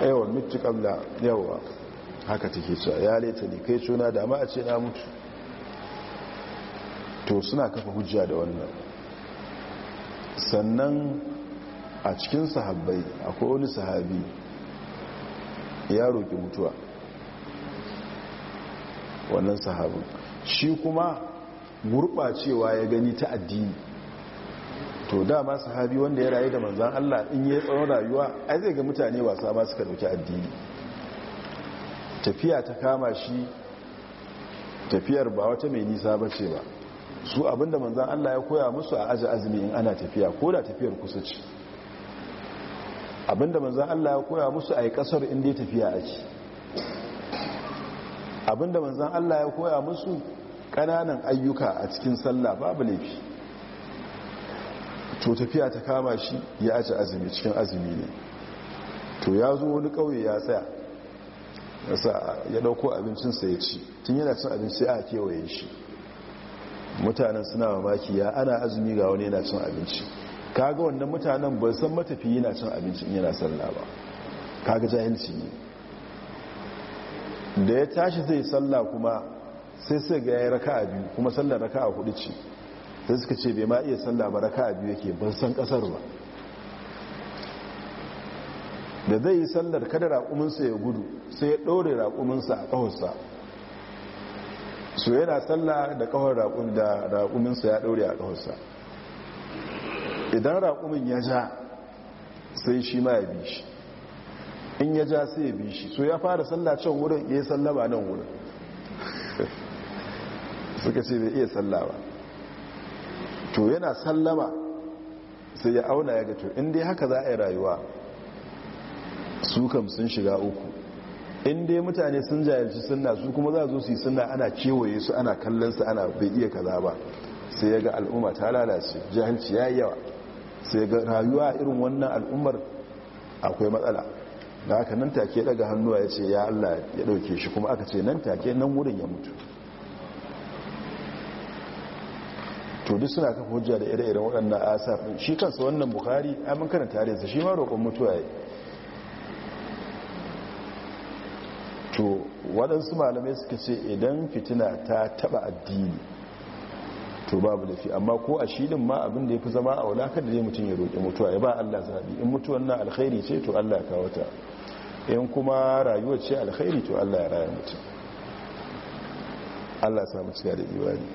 Speaker 1: yawon mutu kabla yawon haka take cewa ya laita ne kai suna da ma a ce na mutu to suna kafa hujja da wannan sannan a cikin sahabbai akwai wani sahabi ya roƙi mutuwa wannan sahabin shi kuma gurɓacewa ya gani ta addini to dama sahabi wanda ya rayu da manzan Allah in ya tsawon rayuwa ai zai ga mutane wasa ba suka dauki addini tafiya ta kama shi tafiyar ba wata mai nisa ba ce ba su abinda manzan Allah ya koya musu a aji azumi in ana tafiya ko da tafiyar kusa ce abinda manzan Allah ya koya musu a yi kasar inda ya tafiya ake abinda manzan Allah ya koya musu kananan ayyuka a cikin sallah babu laifi to tafiya ta kama shi ya aji azumi cikin azumi ne to ya zo wani kauye ya tsaya ya ɗauko abincinsa ya ci tun yana cin abinci a kewaye shi mutanen suna mamaki ya ana azumi ga wani yana cin abinci kaga wannan mutanen ban san matafiya yana cin abinci yana sallah ba kaga jahilci ne da ya tashi zai sallah kuma sai sai ga ya raka a biyu kuma sallar raka a hudu ce sai suka ce bai ma iya sallah ba raka a biyu yake ban san kasar ba da zai yi sallar kada raƙuminsa ya gudu sai ya ɗore raƙuminsa a ƙahonsa Su yana sallah da ƙahon raƙuminsa ya ɗore a ƙahonsa idan raƙumin ya ja sai shi ma ya bi shi in ya ja sai ya bi shi so ya fara sallah can wurin ya yi sallah ba nan wurin [LAUGHS] suka ce bai iya sallah ba to yana sallama sai ya auna ya gato inda haka za a yi rayuwa su kam sun shiga uku inda mutane sun jayarci suna su kuma za zo su yi suna ana kewaye su ana kallon su ana bai iya kaza ba sai ya ga al'umma ta lalace jahilci ya yi yawa sai ga rayuwa irin wannan al'ummar akwai matsala da aka nan take daga hannuwa ya ce ya Allah ya ɗauke shi kuma aka ce nan take nan wurin ya mutu to duk suna kafa hujja da ire-iren waɗannan asafin shi kansa wannan bukari mun karanta tarihinsa shi ma roƙon mutuwa ya to waɗansu malamai suka ce idan fitina ta taɓa addini to babu lafi amma ko a shidin ma abin da ya fi zama a wadakar da zai mutum ya roƙi mutuwa ya ba Allah zaɓi in mutuwan na alkhairi ce to Allah ya kawo ta in kuma rayuwa ce alkhairi to Allah ya raya mutum Allah samu cika da imani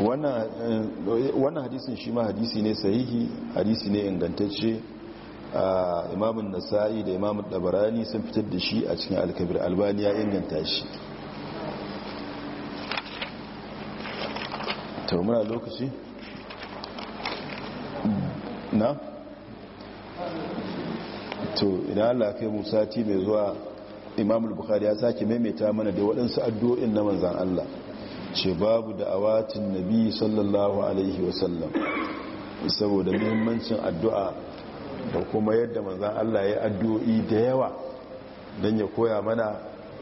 Speaker 1: eh, wannan hadisin shi ma hadisi ne sahihi hadisi ne ingantacce a ah, imamun nasa'i da imamun dabarani sun fitar da shi a cikin alkabir albani ya inganta shi taumura lokaci na? to idan Allah kai mu sati mai zuwa Imam al-Bukhari ya sake maimaita mana da waɗansu addu'o'in na manzan Allah ce babu da awatin nabi sallallahu alaihi wasallam saboda muhimmancin addu'a da kuma yadda manzan Allah ya addu'o'i da yawa don ya koya mana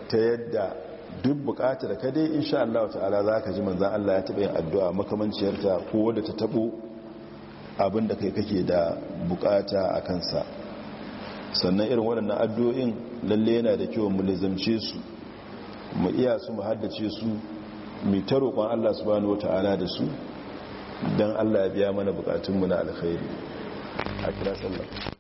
Speaker 1: ta yadda duk bukata da kadai insha Allah ta'ala za ka ji manzan Allah ya taɓa yin addu'a makamanciyarta ko wadda ta taɓo abinda kai kake da bukata a kansa sannan irin waɗannan addu'o'in lalle yana da kyau mu lizamce su mu iya su mu haddace su mai ta roƙon Allah wata wata'ala da su don Allah ya biya mana buƙatunmu na alkhairi a kira sallah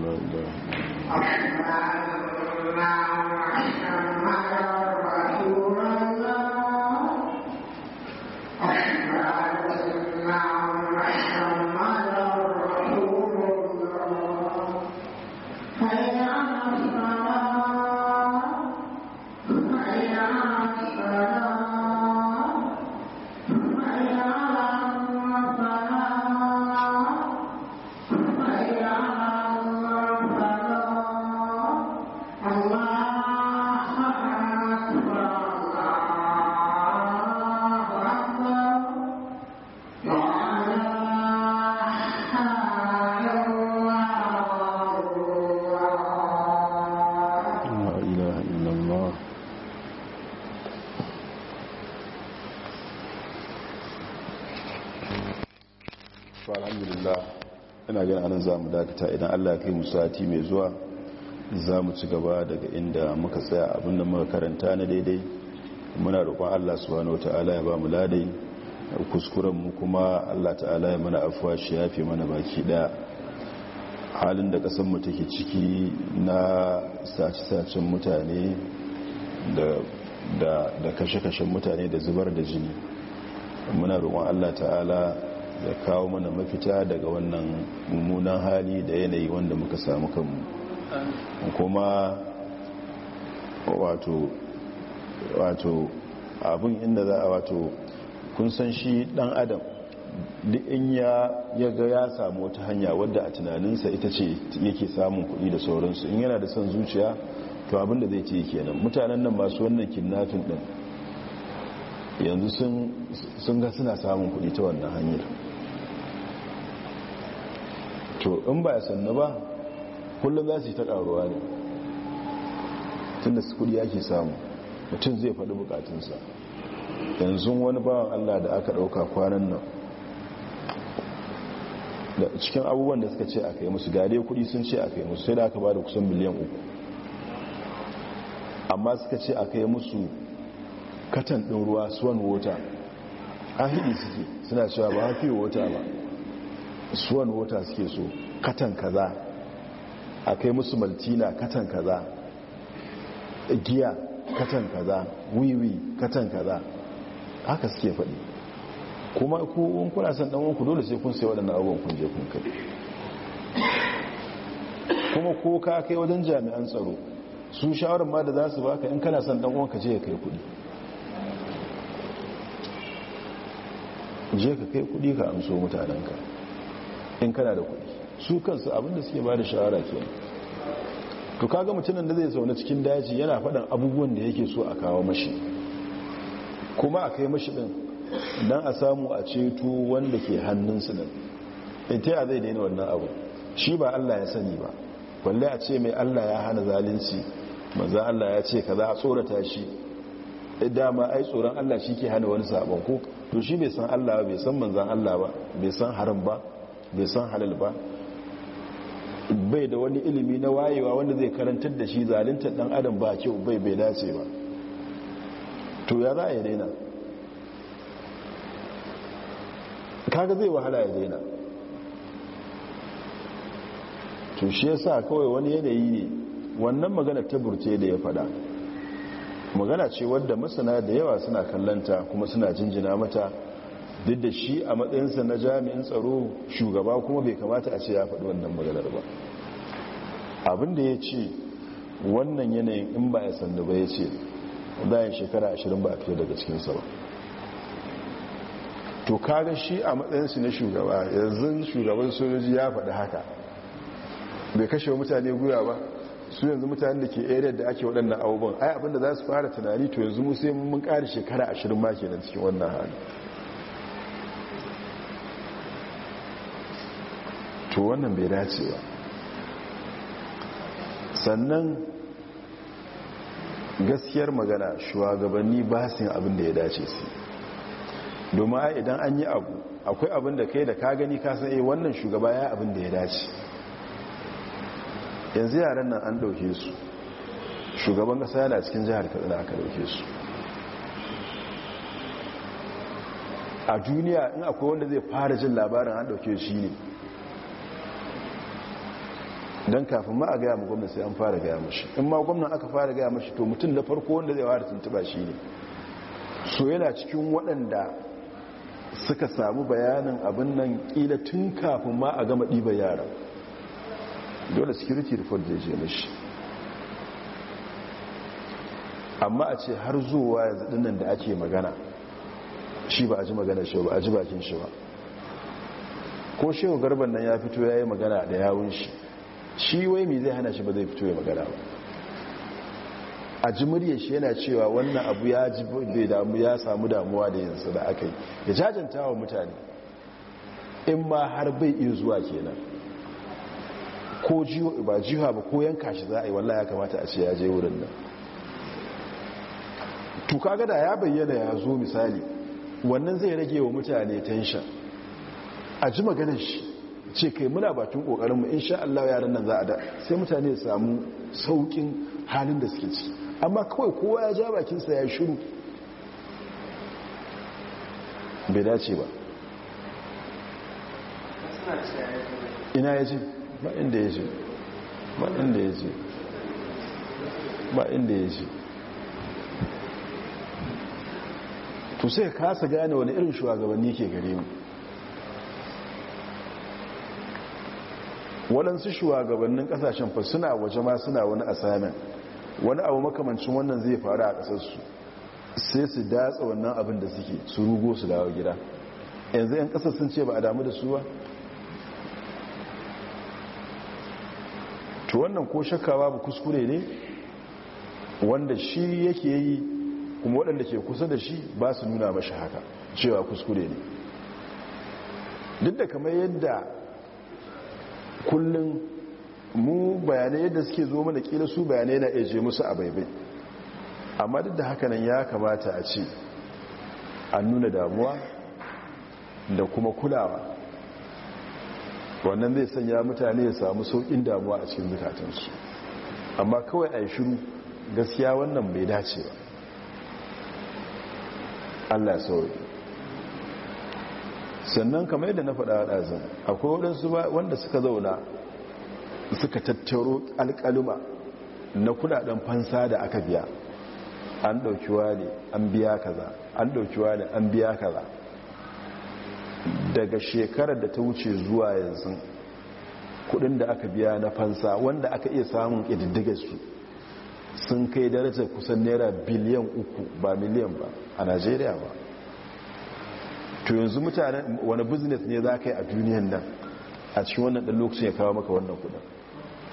Speaker 1: محمد dakata idan allah kai mu sati mai zuwa za mu ci gaba daga inda muka tsaya abinda muka karanta na daidai muna roƙon allah subhanahu ta'ala ya ba mu ladai kuskuren mu kuma allah ta'ala ya mana afuwa shi ya fi mana baki ɗaya halin da ƙasar mu take ciki na sace-sacen mutane da kashe-kashen mutane da zubar da jini muna roƙon allah ta'ala ya kawo mana mafita daga wannan mummunan hali da yanayi wanda muka samu kanmu kuma wato wato abin inda za a wato kun san shi dan adam duk in ya yaga ya samu wata hanya wadda a tunaninsa ita ce yake samun kudi da sauransu in yana da son zuciya to abinda zai ce kenan mutanen nan masu wannan kidnapping din yanzu sun ga suna samun kuɗi ta wannan hanyar to in ba ya sannu ba kullum za su yi ta ƙaruwa ne tun da su kudi ake samu mutum zai faɗi bukatunsa yanzu wani bawan allah da aka ɗauka kwanan nan da cikin abubuwan da suka ce aka yi musu gare kudi sun ce aka yi musu sai da aka ba da kusan miliyan uku amma suka ce aka yi musu katan ɗin ruwa swan water ahidi suke suna cewa ba hafi water ba swan wata suke so katan kaza a kai musu maltina katan kaza giya katan kaza wiwi katan kaza haka suke faɗi kuma kun kuna san ɗan wanku dole sai kun sai waɗannan abubuwan kun je kun kai kuma ko ka kai wajen jami'an tsaro su shawarar ma da za su baka in kana son ɗan wanka je kai kuɗi je ka kai kuɗi ka amso mutanenka in kana da kuɗi su kansu abinda suke ba da shawara ke to kaga mutumin da zai zaune cikin daji yana faɗan abubuwan da yake so a kawo mashi kuma a kai mashi ɗin don a samu a ceto wanda ke hannunsu ɗin ita eh, ya zai daina wannan abu shi ba allah ya sani ba balle a ce mai allah ya hana zalunci maza allah ya ce ka a tsorata shi eh, dama ai tsoron allah shi ke hana wani sabon ko to shi bai san allah ba bai san manzan allah ba bai san haram ba bai san halal ba bai da wani ilimi na wayewa wanda zai karantar da shi zalintar dan adam ba kyau bai bai dace ba to ya za a yi daina kaga zai wahala ya daina to shi sa kawai wani yanayi ne wannan magana ta burce da ya fada magana ce wadda masana da yawa suna kallanta kuma suna jinjina mata duk da shi a matsayinsa na jami'in tsaro shugaba kuma bai kamata a ce ya faɗi wannan maganar ba abin da ya ce wannan yanayin in ba ya sandu ba ya ce za yi shekara ashirin ba a fito daga cikinsa ba to kaga shi a matsayinsa na shugaba yanzu shugaban sojoji ya faɗi haka bai kashe mutane guya ba su yanzu mutane da ke area da ake waɗannan abubuwan ai abinda za su fara tunani to yanzu mu sai mun ƙari shekara ashirin ma kenan cikin wannan hali to wannan bai dace ba sannan gaskiyar magana shugabanni ba su abin da ya dace su domin idan an yi abu akwai abin da kai da ka gani ka san eh, wannan shugaba ya abin ya dace yanzu yaran nan an dauke su shugaban kasa yana cikin jihar katsina aka dauke su a duniya in akwai wanda zai fara jin labarin an dauke shi ne don kafin ma a gaya ma gwamna sai an fara gaya mashi in ma gwamna aka fara gaya mashi to mutum na farko wanda zai wara tuntuba shi ne so yana cikin waɗanda suka samu bayanin abin nan ƙila tun kafin ma a gama ɗiba yara dole security report zai je mashi amma a ce har zuwa zaɗin nan da ake magana shi ba a ji magana shi ba a ji bakin shi ba ko shehu garban nan ya fito ya yi magana da yawun shi shi wai mai zai hana shi ba zai fito ya magana ba a ji murya shi yana cewa wannan abu ya ji bai samu damuwa da yansu da aka yi ya jajanta wa mutane in ma har bai iya zuwa kenan ko ba jiha ba ko yanka shi za a yi wallah ya kamata a ce ya je wurin nan tuka gada ya bayyana ya zo misali wannan zai rage wa mutane tension a ji maganar shi ce kai muna bakin kokarinmu insha Allah yaran nan za a da sai mutane samu saukin halin da suke ci amma kawai kowa ya ja bakinsa ya shiru bai dace ba ina ya ce ba inda ya ce ba inda ya ce ba inda ya ce to sai kasa gane wani irin shugabanni ke gare mu waɗansu shugabannin ƙasashen fa suna waje ma suna wani asamin wani abu makamancin wannan zai faru a ƙasarsu sai su datsa wannan abin da suke su rugo su dawo gida yanzu 'yan ƙasar sun ce ba a damu da su ba to wannan ko shakka babu kuskure ne wanda shi yake yi kuma waɗanda ke kusa da shi ba su nuna mashi haka cewa kuskure ne duk da kamar yadda kullum mu bayanai yadda suke zo mana kila su bayanai na eje musu a baibai amma duk da hakanan ya kamata a ce an nuna damuwa da kuma kulawa wannan zai sanya mutane ya samu saukin damuwa a cikin zukatansu amma kawai a yi shiru gaskiya wannan bai dace ba allah ya sauri sannan kamar yadda na faɗa ɗazin akwai waɗansu wanda suka zauna suka tattaro alƙaluma na kudaden fansa da aka biya an ɗaukiwa ne an biya kaza an ɗaukiwa ne an biya kaza daga shekarar da ta wuce zuwa yanzu kudin da aka biya na fansa wanda aka iya samun su sun kai darajar kusan naira biliyan uku ba miliyan ba a najeriya ba to yanzu mutanen wani business ne za ka yi a duniyan nan a cikin wannan ɗan lokacin ya kawo maka wannan kudin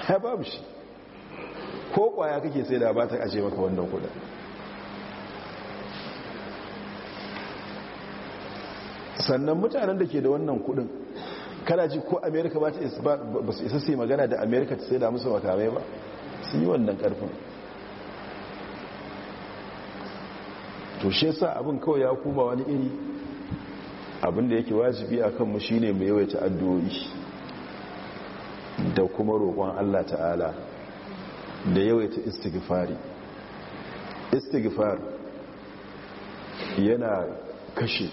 Speaker 1: ya babu shi ko kwaya kake sai da ba ta aje maka wannan kudin sannan mutanen da ke da wannan kudin kada ji ko amerika ba su isa sai magana da amerika ta sai da musu makamai ba su yi wannan karfin to shi sa abin kawai ya kuma wani iri abinda yake wajibi a kanmu shi ne mai yawaita addu'o'i da kuma roƙon Allah ta'ala da yawaita istighfari istighfar yana kashe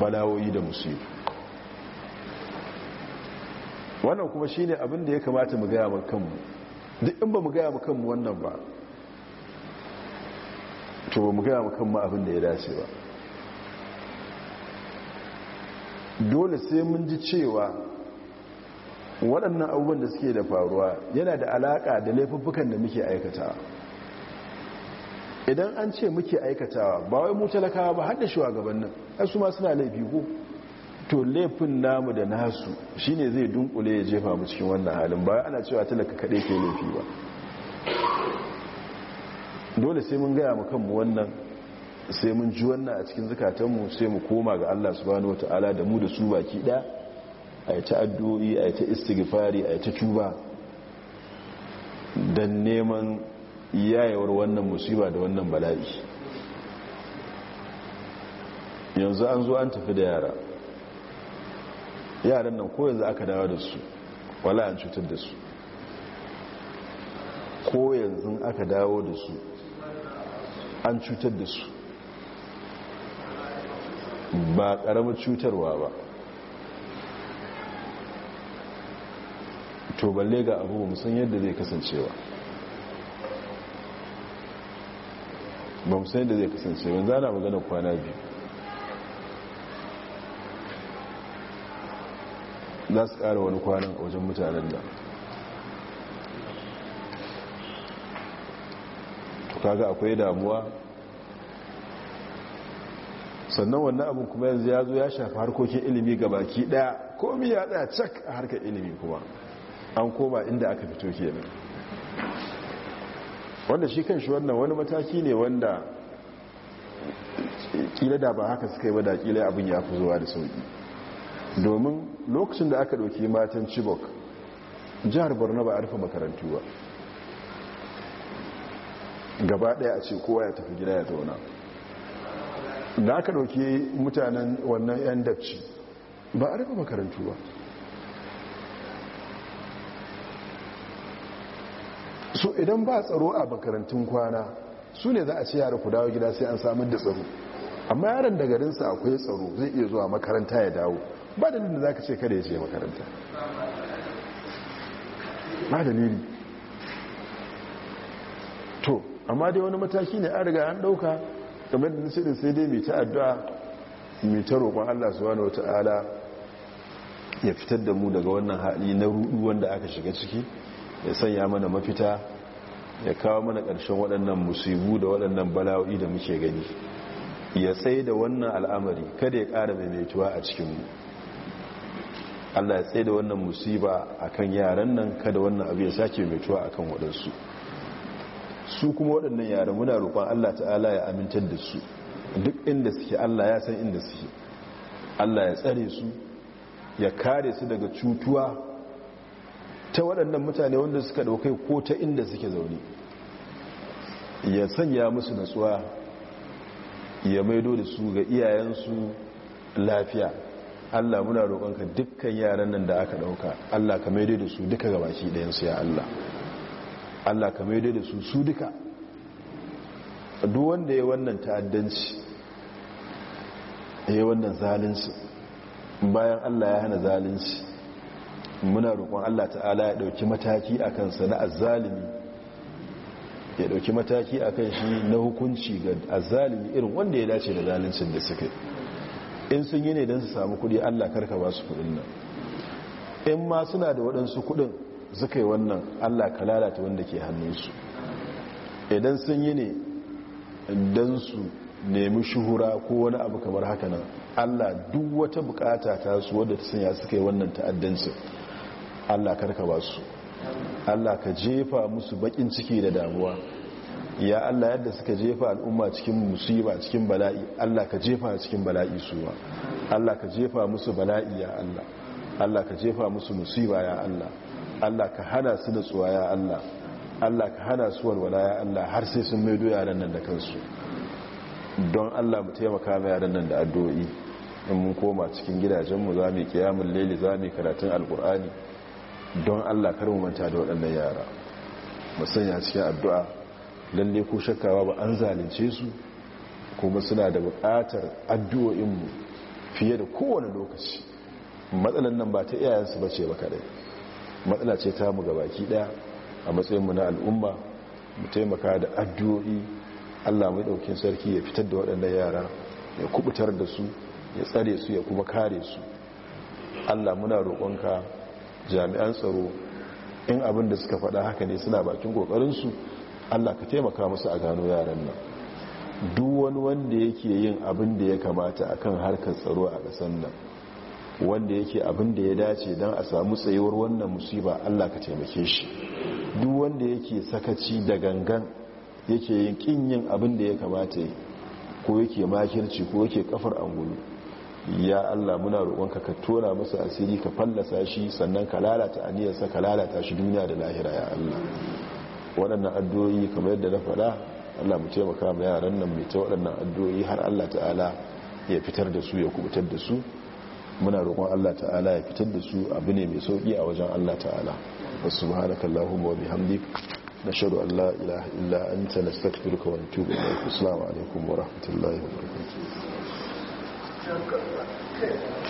Speaker 1: balawoyi da musibu wannan kuma shi ne abinda ya kamata mu gaya kanmu duk in ba mu gaya kanmu wannan ba to ba mu gaya kanmu abinda ya dace ba dole sai mun ji cewa waɗannan abubuwan da suke da faruwa yana da alaƙa da laifuffukan da muke aikatawa idan an ce muke aikatawa ba wai mu talakawa ba har da shugabannin ai su ma suna laifi ko to laifin namu da nasu shine zai dunkule ya jefa mu cikin wannan halin ba ana cewa talaka kaɗai ke laifi ba dole sai mun gaya mu kanmu wannan sai mun ji wannan a cikin zukatanmu sai mu koma ga Allah subhanahu wataala da mu da su baki ɗaya a yi ta addu'o'i a yi ta istighfari a yi ta tuba don neman yayawar wannan musiba da wannan bala'i yanzu an zo an tafi da yara yaran nan ko yanzu aka dawo da su wala an cutar da su ko yanzu aka dawo da su an cutar da su ba ƙaramin cutarwa ba to balle ga abu ba san yadda zai kasancewa ba mu yadda zai kasancewa za na magana kwana biyu za su ƙara wani kwanan a wajen mutanen da kaga akwai damuwa sannan wannan abin kuma yanzu ya zo ya shafi harkokin ilimi ga baki daya ko ya daya cak a harkar ilimi kuma an koma inda aka fito kenan wanda shi kan shi wannan wani mataki ne wanda kila da ba haka suka yi ba da kila abin ya fi zuwa da sauki domin lokacin da aka ɗauki matan chibok jihar borno ba a rufe makarantu ba gaba ɗaya a ce kowa ya tafi gida ya zauna da aka ɗauki mutanen wannan 'yan dabci ba a rufe makarantu ba so idan ba tsaro a makarantun kwana su ne za a ce yara ku dawo gida sai an samar da tsaro amma yaran da garinsa akwai tsaro zai iya zuwa makaranta ya dawo ba da nuna za ka ce kada ya ce makaranta ba dalili to amma dai wani mataki ne an riga an ɗauka kamar da nasirin sai dai mita ta addu'a mita roƙon allah su wani wata'ala ya fitar da mu daga wannan hali na rudu wanda aka shiga ciki ya sanya mana mafita ya kawo mana ƙarshen waɗannan musibu da waɗannan bala'o'i da muke gani ya tsaye da wannan al'amari kada ya ƙara maimaituwa a cikinmu allah ya tsaye da wannan musiba kan yaran nan kada wannan abu ya sake maimaituwa kan waɗansu su kuma waɗannan yaran muna roƙon Allah ta'ala ya amintar da su duk inda suke Allah ya san inda suke Allah ya tsare su ya kare su daga cutuwa ta waɗannan mutane wanda suka ɗaukai ko ta inda suke zaune ya sanya musu natsuwa ya maido da su ga iyayensu lafiya Allah muna roƙonka dukkan yaran nan da aka ɗauka Allah ka maido da su duka gabashi ɗayansu ya Allah allah kamar yadda da su su duka duk wanda ya wannan ta'addanci ya wannan zalinsu bayan allah ya hana zalunci muna roƙon allah ta'ala ya ɗauki mataki a kansa na zalimi ya ɗauki mataki a kan shi na hukunci ga zalimi irin wanda ya dace da zaluncin da suka in sun yi ne don su samu kudi allah karka ba su kudin nan in ma suna da waɗansu kudin suka yi wannan allah ka lalata wanda ke hannunsu idan sun yi ne don su nemi shuhura ko wani abu kamar haka nan allah duk wata bukata ta su wadda ta sanya suka yi wannan ta'addansu allah karka ba su allah ka jefa musu bakin ciki da damuwa ya Allah yadda suka jefa al'umma cikin musiba cikin bala'i Allah ka jefa cikin bala'i suwa Allah ka jefa musu bala'i ya Allah Allah ka jefa musu musiba ya Allah Allah ka hana su da tsuwa ya Allah Allah ka hana su walwala ya Allah har sai sun maido yaran nan da kansu don Allah mu taimaka ma yaran nan da addu'o'i in mun koma cikin gidajenmu za mu kiyamun leli za mu karatun alkur'ani don Allah kar mu manta da waɗannan yara mu sanya cikin addu'a lalle ko shakkawa ba an zalunce su kuma suna da buƙatar addu'o'in mu fiye da kowane lokaci matsalan nan ba ta iyayensu bace ba kadai matsala ce ta mu gabaki daya a matsayin mu na al'umma mu taimaka da addu'o'i allah mai daukin sarki ya fitar da waɗannan yara ya kubutar da su ya tsare su ya kuma kare su allah muna roƙonka jami'an tsaro in abin da suka faɗa haka ne suna bakin ƙoƙarinsu allah ka taimaka musu a gano yaran nan duk wani wanda yake yin abin da ya kamata akan harkar tsaro a ƙasar nan wanda yake abin da ya dace don a samu tsayuwar wannan musiba Allah ka taimake shi duk wanda yake sakaci da gangan yake yin kinyin yin abin da ya kamata ko yake makirci ko yake kafar angulu ya Allah muna roƙonka ka tona masa asiri ka fallasa shi sannan ka lalata aniyarsa ka lalata shi duniya da lahira ya Allah waɗannan addu'o'i kamar yadda na faɗa Allah mu taimaka ma yaran nan mai ta waɗannan addu'o'i har Allah ta'ala ya fitar da su ya kubutar da su muna roƙon Allah ta'ala ya fitar da su abu ne mai sauƙi a wajen Allah ta'ala wasu subhanakallahumma wa bihamdik nashhadu an la ilaha illa anta nastaghfiruka wa natubu ilayk assalamu alaikum wa rahmatullahi wa barakatuh